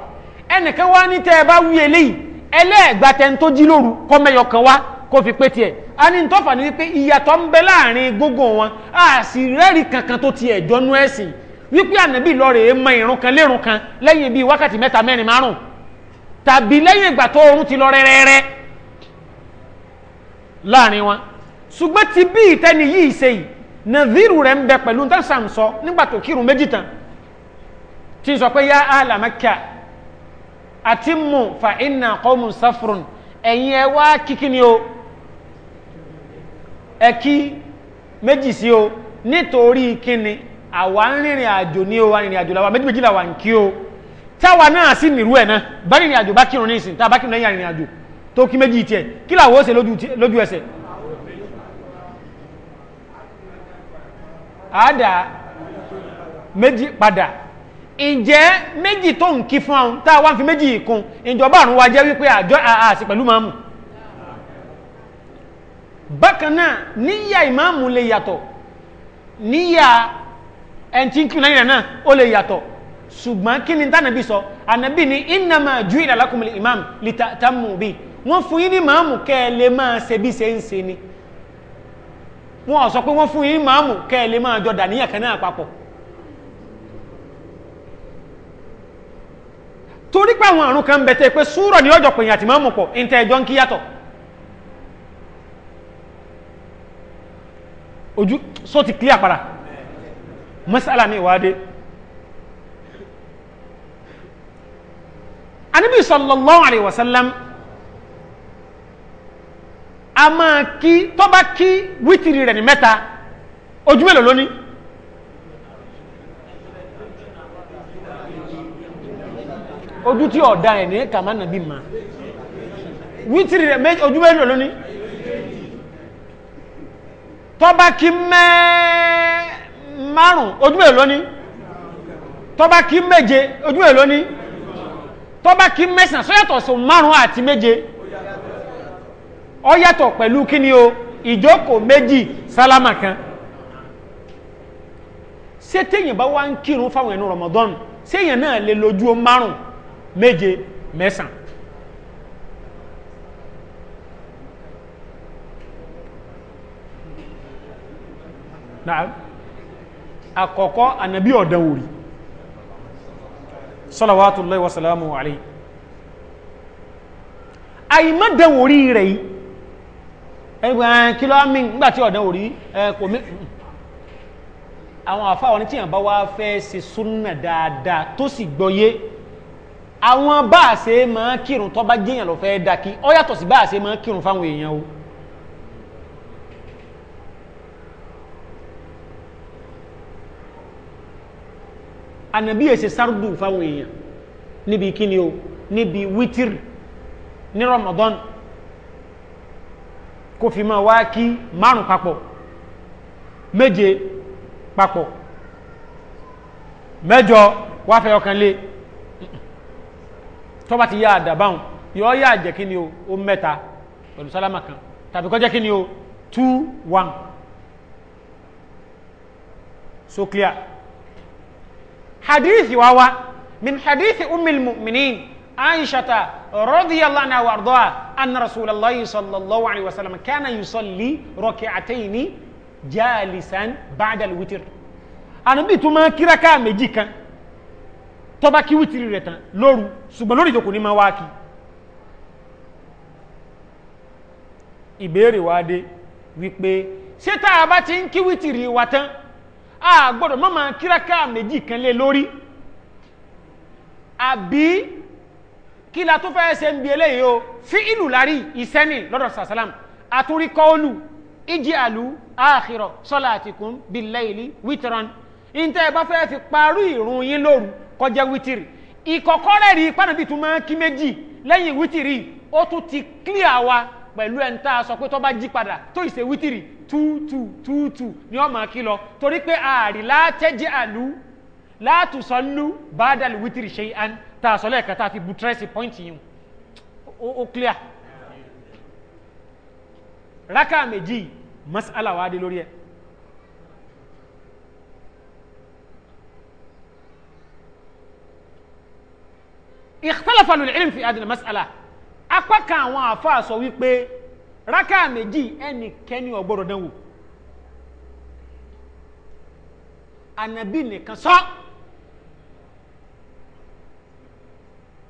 ẹnìkan wá ní tẹ́ ẹ bá wí eléyìí ẹlẹ́ẹ̀gbà tẹni tó jí lóru kọ́ mẹ́yọ kan wá kó fi pé tiẹ̀ a ní tọ́fà ní wípé ìyàtọ̀ ń bẹ láàrin gógó wọn a sì rẹ́rì kankan tó ti ẹ̀jọ́ nú ẹ̀sìn wípé ànábì lọ rèé mọ ìrun kan lérun kan lẹ́yìn bíi wákàtí mẹ́ta mẹ́rin márùn tàbí lẹ́yìn ìgbà tó oorun ti lọ rẹ́rẹ́rẹ́ láàrin wọn ṣùgbọ́n ti bí ìtẹ́ni yìí ṣe yìí nàdírù rẹ̀ ń bẹ pẹ̀lú tẹ́sán sọ nígbà tó kírun méjì tán tí ń sọ pé yá àlà Mákkà àti mú fa iná kọ́mù sáfùrùn ẹ̀yin ẹ wá kíkí ni o ẹ kí méjì sí o nítorí kíni àwa ń rìnrìn àjò ní o arìnrìn àjò làwa méjì méjì làwa ń kí o táwa náà sì nìrú ẹ̀ náà bá rìnrìn àjò bá kírun ní ìsìn tá a bá kírun lẹ́yìn arìnrìn àjò tó kí méjì tiẹ̀ kí làwọn ó ṣe lójú ẹsẹ̀ àádá méjì padà ǹjẹ́ méjì tó ń kí fún àwọn táà wá ń fi méjì kún ìjọba àrùn wa jẹ́ wípé àjọ àṣì pẹ̀lú máàmù bákan náà níyà ìmáàmù lè yàtọ̀ níyà ẹni tí ń kí lẹ́yìn rẹ̀ náà ó lè yàtọ̀ ṣùgbọ́n kí ni tánàbí sọ ànàbí ni innama ju'ila lakumul imam lita'tammu bi wọ́n fún yín ní máàmù kẹ́ ẹ lè máa ṣe bí ṣe ń ṣe ni wọ́n sọ pé wọ́n fún ìmáàmù kẹ́ẹ̀lẹ́ máa jọ dàníyàn kan náà papọ̀ torí pé àwọn àrùn kan bẹ̀tẹ̀ pé súrọ̀ ní ọjọ́ pèyàn àti máàmù pọ̀ ìntẹ̀ ẹjọ́ ń kíyàtọ̀ ojú só ti clear para masala mi wáde anabi sallallahu alaihi a máa kí tó bá kí wítìrì rẹ̀ ní mẹ́ta ojú mélòó lóní ojú tí ọ̀dá ẹ̀ ní kàmá nàbí ma wítìrì rẹ̀ ojú mélòó lóní tó bá kí mẹ́ márùn ojú mélòó lóní tó bá kí méje ojú mélòó lóní tó bá kí mẹ́sàn sọ́yàtọ̀ sọ márùn àti méje ọ yàtọ̀ pẹ̀lú kíni o ìjókòó méjì sálámà kan ṣé téèyàn bá wá ń kírun fáwọn ẹnu Ramadan séèyàn náà lè lójú márùn méje mẹ́sàn náà àkọ́kọ́ ànàbí ọ̀dàn òrì salawatullahi wa salamu alayhi àìmọ́dàn òrì rẹ̀ yìí ẹgbẹ̀rún kí ló á mí nígbà tí ọ̀dán orí kò mí àwọn àfa àwọn tí yànbá wá fẹ́ ṣe súnà dáadáa tó sì gbọ́yé àwọn bá a ṣe máa kírun tó bá jẹ́yàn lọ fẹ́ dákí ọ yàtọ̀ sí bá a ṣe máa kírun fáwọn èèyàn o ànàbí èsè sárùdù fáwọn èèyàn níbi kíni o níbi wítírì ní Ramadan kó fi máa wá kí márùn papọ̀ méje papọ̀ mẹ́jọ wá fẹ́ ọkàn lé tó bá ti yá àdàbáhùn yọ yá jẹ́ kí ni o mẹ́ta pẹ̀lú sálámà kan tàbí kó kí ni o two one so clear hadithi wa wa min hadithi umil mu'minin عائشة رضي الله عنها وأرضاها أن رسول الله صلى الله عليه وسلم كان يصلي ركعتين جالسا بعد الوتر أنا بيتو ما كيركا مجيكا تبا كي وتر رتا لورو سبا لوري جوكو نما واكي ìbéèrè wa dé wípé ṣé tá a bá ti ń kí wítìrì wa tán a gbọ́dọ̀ mọ́ máa kíráká méjì kan lé lórí àbí kí la tó fẹ́ ṣe ń bi eléyìí o fi ìlú lárí ìsẹ́nì lọ́dọ̀ sàsálàm àtúrí kọ́ọ̀lù ìjì àlù àkìrọ̀ sọ́lá àtìkún bíláìlì wítìrán ìntẹ́ ẹ bá fẹ́ fi parí ìrun yín lóru kọjá wítìrì ìkọ̀kọ́ rí pàdánù tó máa kí méjì lẹ́yìn wítìrì ó tún ti kílíà wa pẹ̀lú ẹni tá a sọ pé tó bá jí padà tó ìṣe wítìrì túùtù túùtù ni ọ máa kí lọ torí pé ààrí látẹ́jẹ́ àlù láàtù sọlú bádàlì wítìrì ṣe án tá a sọlẹ̀ kàtà fi bùtírẹ́sì pọ́ìntì yìí ó clear rákà méjì masala wa dé lórí ẹ̀ ìkítàlàfà lórí ilm fi adìrẹ masala apá kan àwọn àfáà sọ wípé rákà méjì ẹnikẹ́ni ọgbọ́dọ̀ dánwò ànàbí nìkan sọ so.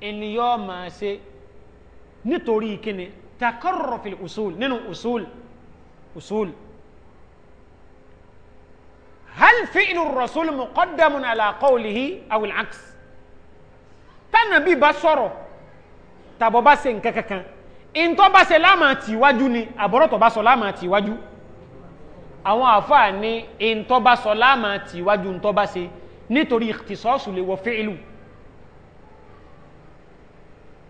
ẹni yóò máa ṣe nítorí kíni takarrọ̀ fil usul nínú usul usul hal fi'lu rasul muqaddamun ala qawlihi awil aks tánàbí bá sọ̀rọ̀ tàbọ̀ bá ṣe nǹkan kankan ìntọ́ bá ṣe láàmà tìwájú ni àbọ̀rọ̀tọ̀ bá sọ láàmà tìwájú àwọn àfáà ní ìntọ́ bá sọ láàmà tìwájú ìntọ́ bá ṣe nítorí ikhtisasu lè wọ fi'lu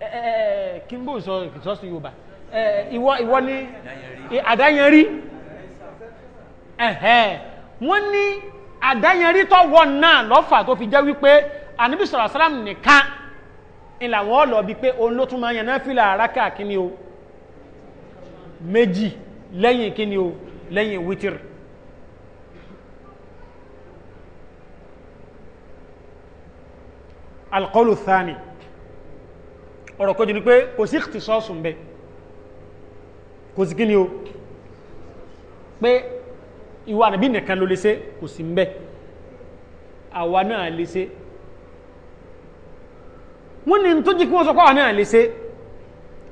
Eh, eh, eh, kíngò sọ ìsọ́sí yorùbá ìwọ ìwọ ní àdáyẹnrí wọ́n ní àdáyẹnrí tó wọ náà lọ́fà tó fi jẹ́ wípé ànábì sọ̀rọ̀ sálàmù nìkan ìlàwọ̀ ọ̀lọ́ bí pé òun ló tún máa yẹn náà fìlà àrákà kíní o méjì lẹ́yìn kíní o lẹ́yìn wítìrì alkọlù thani ọ̀rọ̀ kejì ni pé kò sí ti sọ́ọ̀sù ń bẹ kò sí kí ni o pé ìwà ànàbí nìkan ló lè ṣe kò sí ń bẹ àwa náà lè ṣe wọ́n ní tó jí kí wọ́n sọ pàwà náà lè ṣe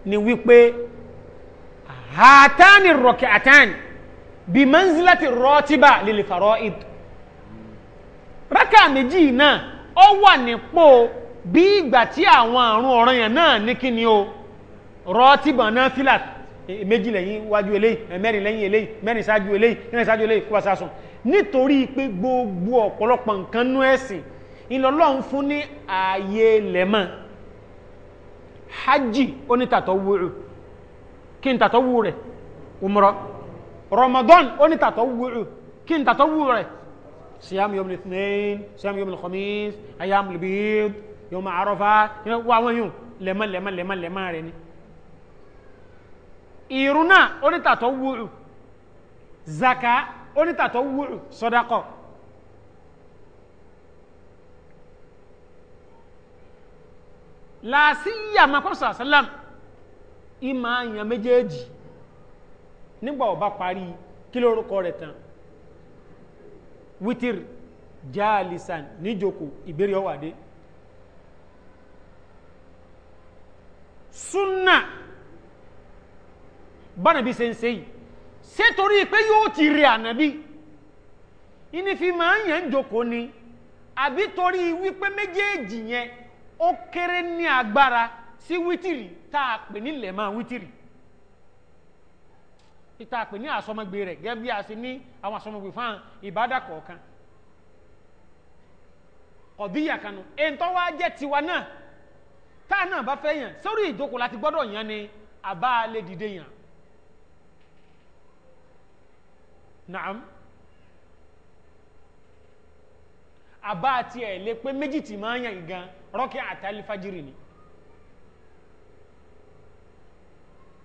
ni wípé hàtánì rọ̀kẹ̀ àtánì bí manzilati rọ́tíbà lè lè fàrọ́ ìd rákà méjì náà ó wà nípò bí ìgbà tí àwọn àrùn ọ̀ràn yẹn náà ní kí ni o rọ́ọ̀tìbọ̀n náà fílà méjì lẹ́yìn wájú eléyìí mẹ́rin lẹ́yìn eléyìí mẹ́rin ṣáájú eléyìí mẹ́rin ṣáájú eléyìí kó wá sásùn nítorí pé gbogbo ọ̀pọ̀lọpọ̀ nǹkan nú ẹ̀sìn ìlọ́lọ́run fún ní ààyè lẹ́mọ̀ hajj onítàtọ̀wù rẹ̀ kí n tàtọ̀wù rẹ̀ umrọ ramadan onítàtọ̀wù kí n tàtọ̀wù rẹ̀ siyam yom lithnain siyam yom lkhamis ayam libid yọmọ àrọ́fà wà wọ́n yùn lẹ́mọ́ lẹ́mọ́ lẹ́mọ́ lẹ́mọ́ rẹ̀ ni ìrún náà onítàtọ̀ wúrù zaka onítàtọ̀ wúrù sọ́dákọ̀ làásìyà makọ́sọ̀ àsálàm ìmọ̀ àyàn méjèèjì nígbà ọba parí kí lórúkọ rẹ̀ tán wítìrì jáàlìsàn níjòkó ìbéèrè ọwàdé súnà bánàbí se ń se yìí ṣé torí pé yóò ti rí ànàbí iní fi máa ń yàn ń jòkó ni àbí torí wípé méjèèjì yẹn ó kéré ní agbára sí wítìrì tá a pè nílẹ̀ máa wítìrì ìta àpè ní àsọmọgbè rẹ̀ gẹ́gẹ́ bí a ṣe ní àwọn àsọmọgbè fáwọn ìbádà kọ̀ọ̀kan ọ̀díyà kanu èyí jẹ́ tiwa náà táà náà bá fẹ́ yàn sórí ìjókòó láti gbọ́dọ̀ yàn ni àbá lè dìde yàn naam àbá àti lè pé méjì tí máa yàn gan rọ́kì àtàlí fájìrì ni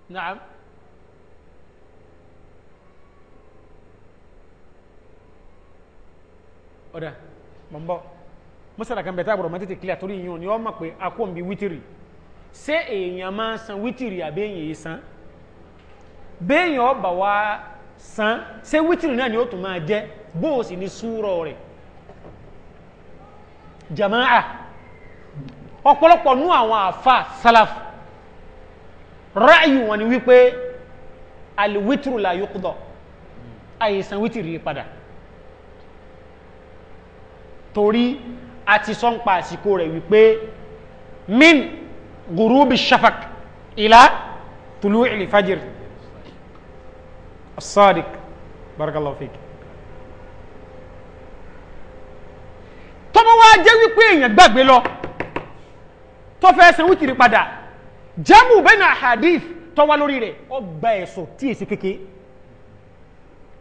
naam ọ̀dà mọ̀ ń bọ̀ mọ́sálà kan bẹ̀tà àbọ̀rọ̀ mọ́tẹ́tẹ̀ kílẹ̀ àtúrí yìí ni wọ́n mọ̀ pé akóǹbi wítìrì ṣé èèyàn máa ń san wítìrì àbí yìí san béèyàn ọba wa san ṣé wítìrì náà ni ó tún máa jẹ́ bó o sì ní súrọ̀ rẹ̀ jamaa ọ̀pọ̀lọpọ̀ nú àwọn àfa salaf ráàyù wọn ni wípé alìwítìrì la yókùdọ̀ àìsàn wítìrì padà torí àti sọ́npa àsìkò rẹ̀ wípé min gurubi shafak ila tulu ilifajir sadiq barakallahu fik tọ́mọ wá jẹ́ wípé èèyàn gbàgbé lọ tó fẹ́ ṣe wítìrí padà jẹ́mù bẹ́nà hadith tó wá lórí rẹ̀ ọgbà ẹ̀sọ̀ tí èsì kéke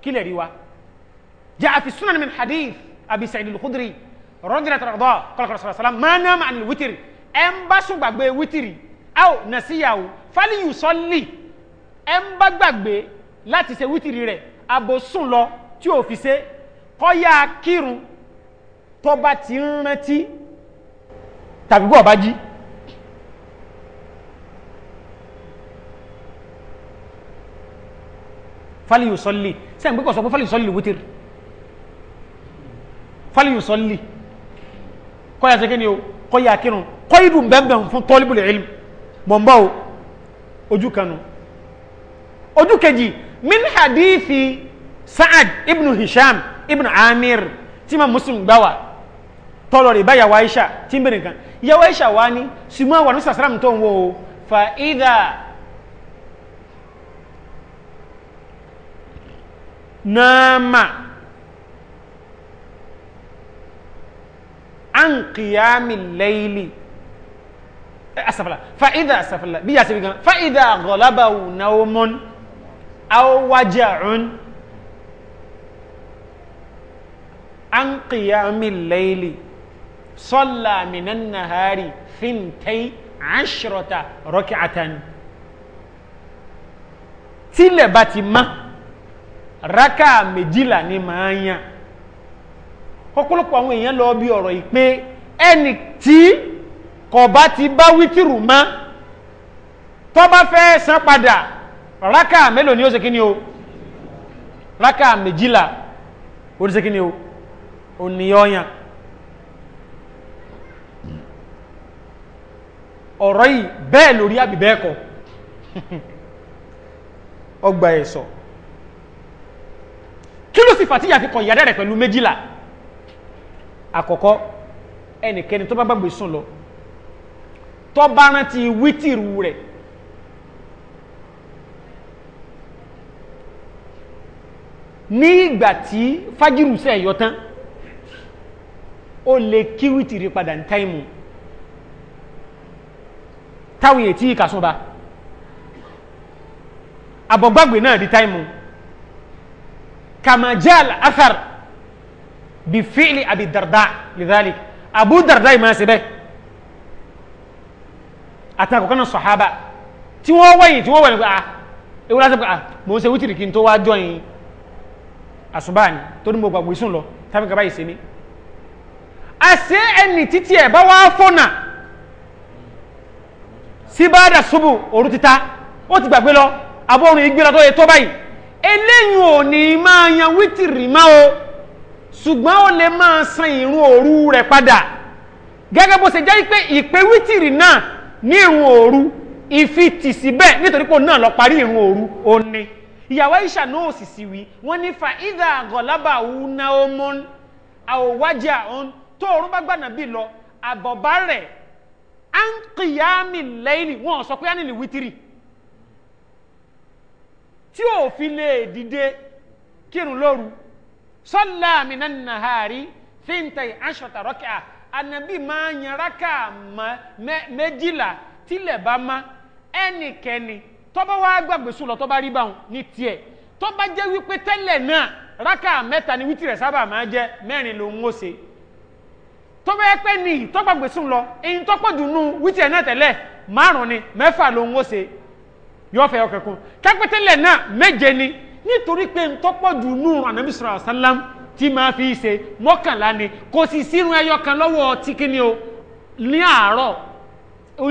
kílẹ̀ rí jẹ́ àfi súnà min hadith abi sa'id rọ́jìnà tọ̀rọ̀dọ́ kọlọ̀kọlọ̀ sọ̀rọ̀ sọ̀rọ̀ máa náà máa ní wítìrì ẹ ń bá sùn gbàgbé wítìrì áò nà sí ìyàwó fáliyù sọ́lì ẹ ń bá gbàgbé láti ṣe wítìrì rẹ̀ abo sùn lọ tí ò fi ṣe kọ́yà kírun tó bá ti ń rántí tàbí bọ́ ọ̀bá jí fáliyù sọ́lì sẹ́yìn pé kò sọ pé fáliyù sọ́lì wítìrì fáliyù sọ́lì kọ́yà ṣe kí ni o kọ́yà kírun kọ́yìdù bẹ́ẹ̀bẹ̀ fún tọ́líbùlì ilm bọ̀m̀bọ̀ o ojú kanu ojú kejì min hadithi sa'ad ibn hisham ibn amir tí ma muslim gbá wa tọ́lọ̀ rẹ̀ báyà wa aisha tí ń bẹ̀rẹ̀ nǹkan ya wa aisha wa ni ṣùgbọ́n wà sàṣàràm tó ń wo fa idha náà an qiyami layli eh, asafala fa'idha asafala bí yàtọ̀ gan fa'idha ghalabahu nawmun aw waja'un an qiyami layli salla minan nahari fintai ashrata rak'atan tílẹ̀ bá ti má rákà méjìlá ni màá yàn ọ̀pọ̀lọpọ̀ àwọn èèyàn lọ bí ọ̀rọ̀ ìpé ẹni tí kò bá ti bá wítìrù mọ́ tó bá fẹ́ san padà rákà mélòó ni ó ṣe kí ni o rákà méjìlá ó ṣe kí ni o ò ní ọyàn ọ̀rọ̀ yìí bẹ́ẹ̀ lórí àbí bẹ́ẹ̀ kọ́ ọgbà <laughs> ẹ̀sọ̀ kí ló sì fà fi kọ̀ ìyàdẹ̀ pẹ̀lú méjìlá àkọ́kọ́ ẹnikẹ́ni tó bá gbàgbé sùn lọ tó bá rántí wítìrù rẹ̀ ní ìgbà tí fájírù sẹ́ yọ tán ó lè kí wítìrì padà ní táìmù táwọn èyí tí ìkàsúnba àbọ̀gbàgbé náà di táìmù kàmájá àfàrà بفعل أبي الدرداء لذلك أبو الدرداء ما سبه أتاكو كان الصحابة tí wọ́n wẹ̀yìn tí wọ́n wẹ̀ nípa ewu láti pé mò ń ṣe wítìrì kí n tó wá jọyìn àsùnbà ni tó ní mo gbàgbé sùn lọ tàbí kaba ìsinmi àṣẹ ẹni títí ẹ̀ bá wá fọ́nà sí bá dà ṣubú òru títa ó ti gbàgbé lọ abọ́run ìgbéra tó yẹ tó báyìí eléyìí ò ní máa yan wítìrì máa o ṣùgbọ́n ó lè máa san ìrun òru rẹ̀ padà gẹ́gẹ́ bó ṣe jẹ́ pé ìpè wítìrì náà ní ìrun òru ìfi tì síbẹ̀ nítorí pé òun náà lọ parí ìrun òru ó ní ìyàwó Aisha náà sì sì wí wọ́n ní fa ìdá àgọ̀lábà òun náà ó àwòwájà òun tó òun bá gbànà bí lọ àbọ̀bá rẹ̀ à ń kìyàmì lẹ́yìn wọn sọ pé á nílì wítìrì tí òfin lè dìde kírun lóru sọ́lá àmìnà nàhárì fíntà àṣọ̀tà rọ́kà ànàbí máa ń yan rákà méjìlá tílẹ̀ bá má ẹnikẹ́ni tọ́ba wá gbàgbé sùn lọ tọ́ba rí báwọn ní tiẹ̀ tọ́ba jẹ́ wípé tẹ́lẹ̀ náà rákà mẹ́ta ni wítìrẹ̀ sábà máa jẹ́ mẹ́rin ló ń wọ́sẹ̀ tọ́ba yẹ pé ní tọ́gbàgbé sùn lọ èyí tọ́pọ̀ dùnú wítìrẹ̀ náà tẹ́lẹ̀ márùn ni mẹ́fà ló ń wọ́sẹ̀ yọ̀ọ́fẹ́ ọkẹ̀kùn kápẹ́tẹ́lẹ̀ náà méje ni nítorí pé ntọ́pọ̀ jù nù ànábì sọ̀rọ̀ àsálàm tí máa fi ṣe mọ́kànlá ni kò sì sírun ẹyọ kan lọ́wọ́ tí kíni o ní àárọ̀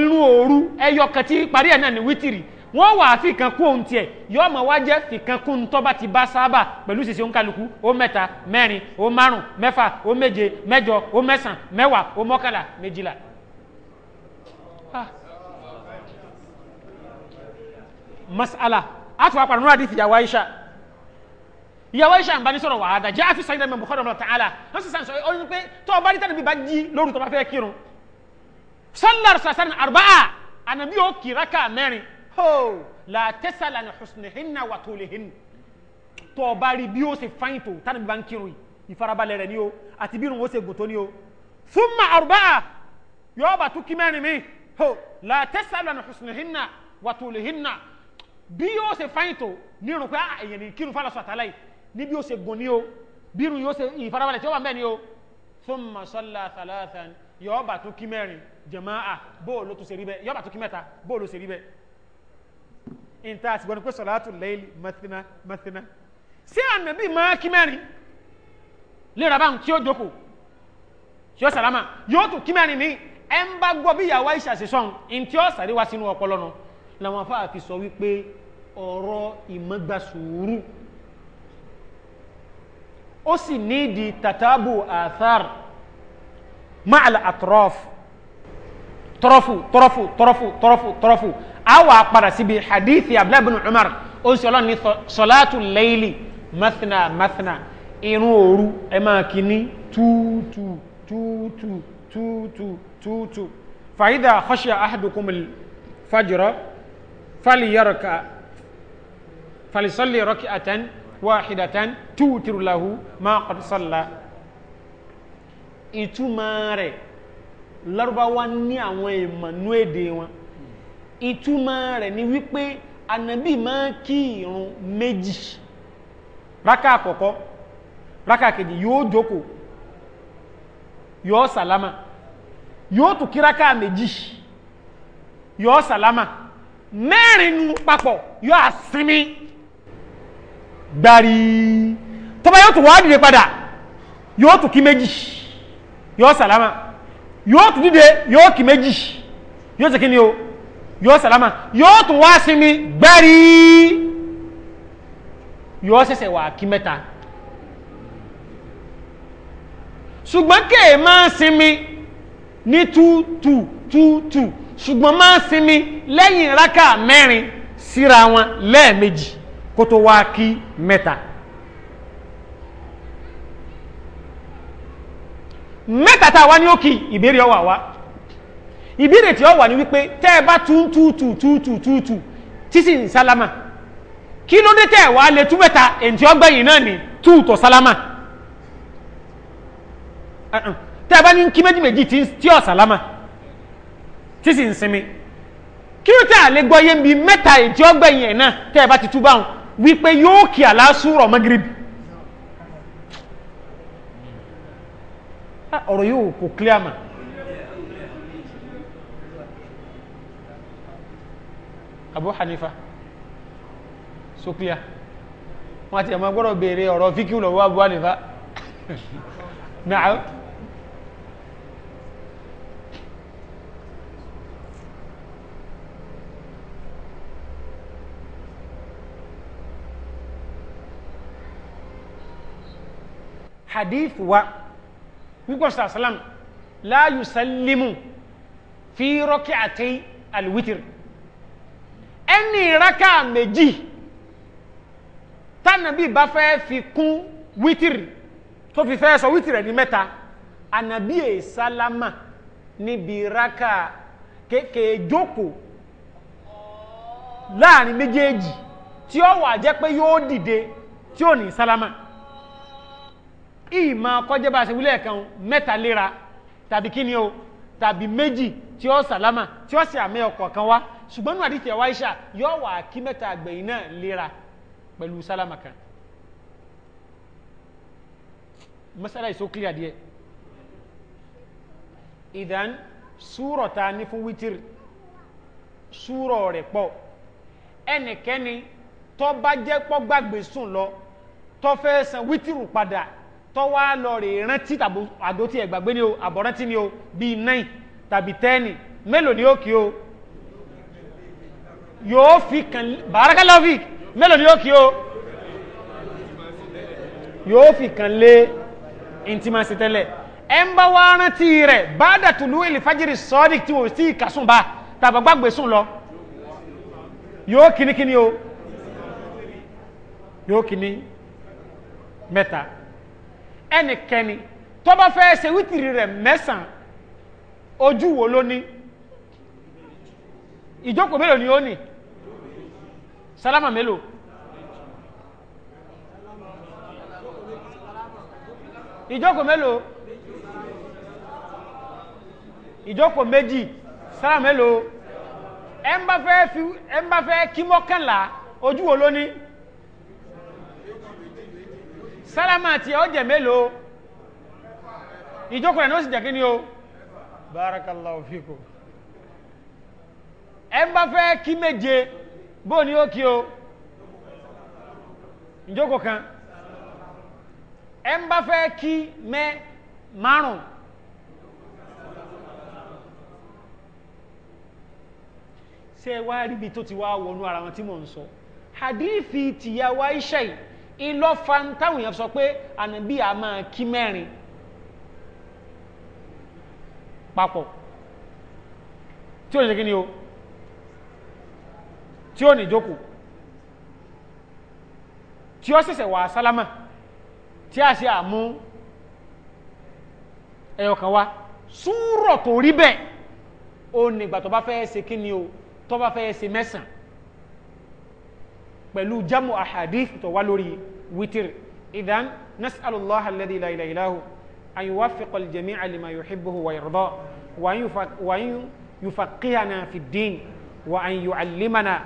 irun òru ẹyọ kan tí parí ẹ̀ náà ní wítìrì wọ́n wà á fìkan kú ohun tiẹ̀ yóò mọ̀ wá jẹ́ fìkan kú ntọ́ bá ti bá sábà pẹ̀lú ṣíṣe òǹkàlùkù ó mẹ́ta mẹ́rin ó márùn mẹ́fà ó méje mẹ́jọ ó mẹ́sàn mẹ́wàá ó mọ́kànlá méjìlá. masala a tún wá pàdánù àdìsí ìyàwó Aisha ìyàwó aisha nbani sọ̀rọ̀ wàá da jẹ́ àfi sọ ìdá mẹ́mbù kọ́dọ̀ lọ́ta ala wọ́n sì sàn sọ ọ ní pé tó o bá rí tàbí bá jí lóru tó bá fẹ́ kírun sallar sasan arbaa anabi o kira ka mẹ́rin ho la tẹsala ni husnihinna wa tolihin tó o bá rí bí o ṣe fain tó tàbí bá ń kírun yìí ìfarabalẹ̀ rẹ̀ ni o àti bí irun o ṣe gùn tó ni o thumma arbaa yóò bá bí o ṣe fain ní irun pé ah, kírun fálọ́sọ̀ àtàlẹ́ níbi ó ṣe gùn ní o bírun yóò ṣe ìfarabalẹ̀ tí ó wà mẹ́ni o thumma salla thalathan yọ́ bà tó kí mẹ́rin jama'a bóòlù tó ṣe rí bẹ́ yọ́ bà tó kí mẹ́ta bóòlù ṣe rí bẹ́ ìta àti gbọ́nù pé salatu layli mathna mathna sí ànàbí máa kí mẹ́rin lera bá tí ó jókòó tí ó sàlámà yóò tún kí mẹ́rin ní ẹ ń bá gbọ́ bí ìyàwó àìsà ṣe sọ́n in tí ó sàrí wá sínú ọpọlọ náà làwọn afáàfi sọ wípé ọ̀rọ̀ ìmọ̀gbà ó sì ní di tatabu athar ma'al atrof tọrọfù tọrọfù tọrọfù tọrọfù tọrọfù a wà padà síbi hadithi abdullahi bin umar ó sì ọlọ́ni sọlátù layli mathna mathna irun òru ẹ máa kì ní túùtù túùtù túùtù túùtù fàyídà khashiya ahadukum fajr fàlìyàrọ̀kà fàlìsọ́lì rọ́kì àtẹ́ni wahidatan tuutiru lahu ma qad salla ìtumọ̀ rẹ̀ Lárúbáwá ní àwọn ìmọ̀nú èdè wọn ìtumọ̀ rẹ̀ ni wípé ànábì máa kí ìrun méjì rákà àkọ́kọ́ rákà kejì yóò jókòó yóò sàlámà yóò tún kí rákà méjì yóò sàlámà mẹ́rin nu papọ̀ yóò àsinmi gbárí tó bá yóò tún wá dìde padà yóò tún kí méjì yóò sàlámà yóò tún dìde yóò kí méjì yóò tún kí ni o yóò sàlámà yóò tún wá sinmi gbárí yóò ṣẹ̀ṣẹ̀ wà kí mẹ́ta ṣùgbọ́n kéè máa sinmi ní tútù tútù ṣùgbọ́n máa sinmi lẹ́yìn rákà mẹ́rin síra wọn lẹ́ẹ̀mejì kótó wá kí mẹ́ta mẹ́ta tá a wá ní òkì ìbéèrè ọwà wá ìbéèrè tí ó wà ní wípé tẹ́ ẹ bá tún tún tún tún tún tún tún tí sì ń sálámà kí ló dé tẹ́ ẹ wá lè tún mẹ́ta èyí tí ó gbẹ̀yìn náà ní tún sálámà tẹ́ ẹ bá ní kí méjì tí ó sálámà tí sì ń sinmi kí ló tẹ́ à lè gbọ́ mẹ́ta èyí tí ó náà tẹ́ ẹ bá ti tún wípé yóò kí aláṣúrọ̀ magribi ah, ọ̀rọ̀ yóò kò clear ma abu hanifa so clear wọ́n ti ẹ̀mọ́ gbọ́rọ̀ bèèrè ọ̀rọ̀ fíkí lọ́wọ́ abu hanifa <laughs> náà hadith wa wípé ọ̀sán àsálàm la yusallimu fi rak'atay alwitir ẹni ìrákà méjì tánàbí bá fẹ́ fi kún wítìrì tó fi fẹ́ sọ wítìrì ẹni mẹ́ta ànàbí èsálámà níbi ìrákà kéèkéè jókòó láàrin méjèèjì tí ó wà jẹ́ pé yóò dìde tí ò ní sálámà ìmọ̀ kọjẹ́ bá ṣe wílẹ̀ kan mẹ́ta léra tàbí kí ni o tàbí méjì tí ó sàlámà tí ó sì àmì ọkọ̀ kan wá ṣùgbọ́n níwájú tí ẹ̀wá iṣà yọ wà kí mẹ́ta àgbẹ̀yìn náà léra pẹ̀lú sálámà kan masala iso clear díẹ̀ ìdán súrọ̀ ta ní fún wítírì súrọ̀ rẹ̀ pọ̀ ẹnikẹ́ni tó bá jẹ́ pọ́ gbàgbé sùn lọ tó fẹ́ san wítírù padà tọ́wá lọ rè rántí tàbí àdó tí ẹ̀gbàgbé ni o àbọ̀rántí ni o bíi nine tàbí ten mélòó ni ó kí o yóò fi kàn bàrákàlọ́fì mélòó ni ó kí o yóò fi kàn lé intimacy tẹ́lẹ̀ ẹ ń bá wá rántí rẹ̀ báàdà tùlú ìlìfájìrì sọ́ọ́dì tí ò sí ìkàsùn bá tàbí gbàgbé sùn lọ yóò kíní kíní o yóò kíní mẹ́ta ẹnikẹ́ni tó bá fẹ́ ṣe wítìrì rẹ̀ mẹ́sàn ojú wo ló ní ìjókòó mélòó ni ó ní sálámà mélòó ìjókòó mélòó ìjókòó méjì sálámà mélòó ẹ ń bá fẹ́ kí mọ́kànlá ojú wo ló ní. Salama ti o je melo? Ijoko re no si je kini o. Barakallahu fikum. En ba fe ki meje bo ni o ki o. Ijoko kan. En ba ki me marun. Se wa ri to ti wa wonu ara won ti mo nso. Hadithi ti ya wa ishe ìlọ́fà táwọn èèyàn sọ pé ànábì a máa kí mẹ́rin papọ̀ tí ò ní ṣe kí ni o tí ò ní jókòó tí ó ṣẹ̀ṣẹ̀ wà sálámà tí a ṣe àmú ẹ̀yọ̀kan wa súrọ̀ tó rí bẹ́ẹ̀ ó nígbà tó bá fẹ́ ṣe kí ni o tó bá fẹ́ ṣe mẹ́sàn-án pẹ̀lú jamu ahadith tó wá lórí wítìrì idan nas'alullaha alladhi la ilaha illa hu an yuwaffiqa al-jami'a lima yuhibbuhu wa yarda wa an yufaqqihana fi ad-din wa an yu'allimana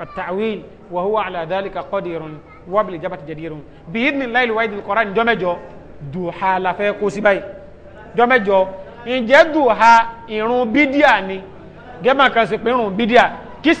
التعويل وهو على ذلك قدير وبالإجابة جدير بإذن الله الواحد القرآن جمجو دوحا لفيقو سباي jọmẹjọ ǹjẹ́ dùhà ìrun bídíà ni gẹ́gbà kan sì pé ìrun bídíà kí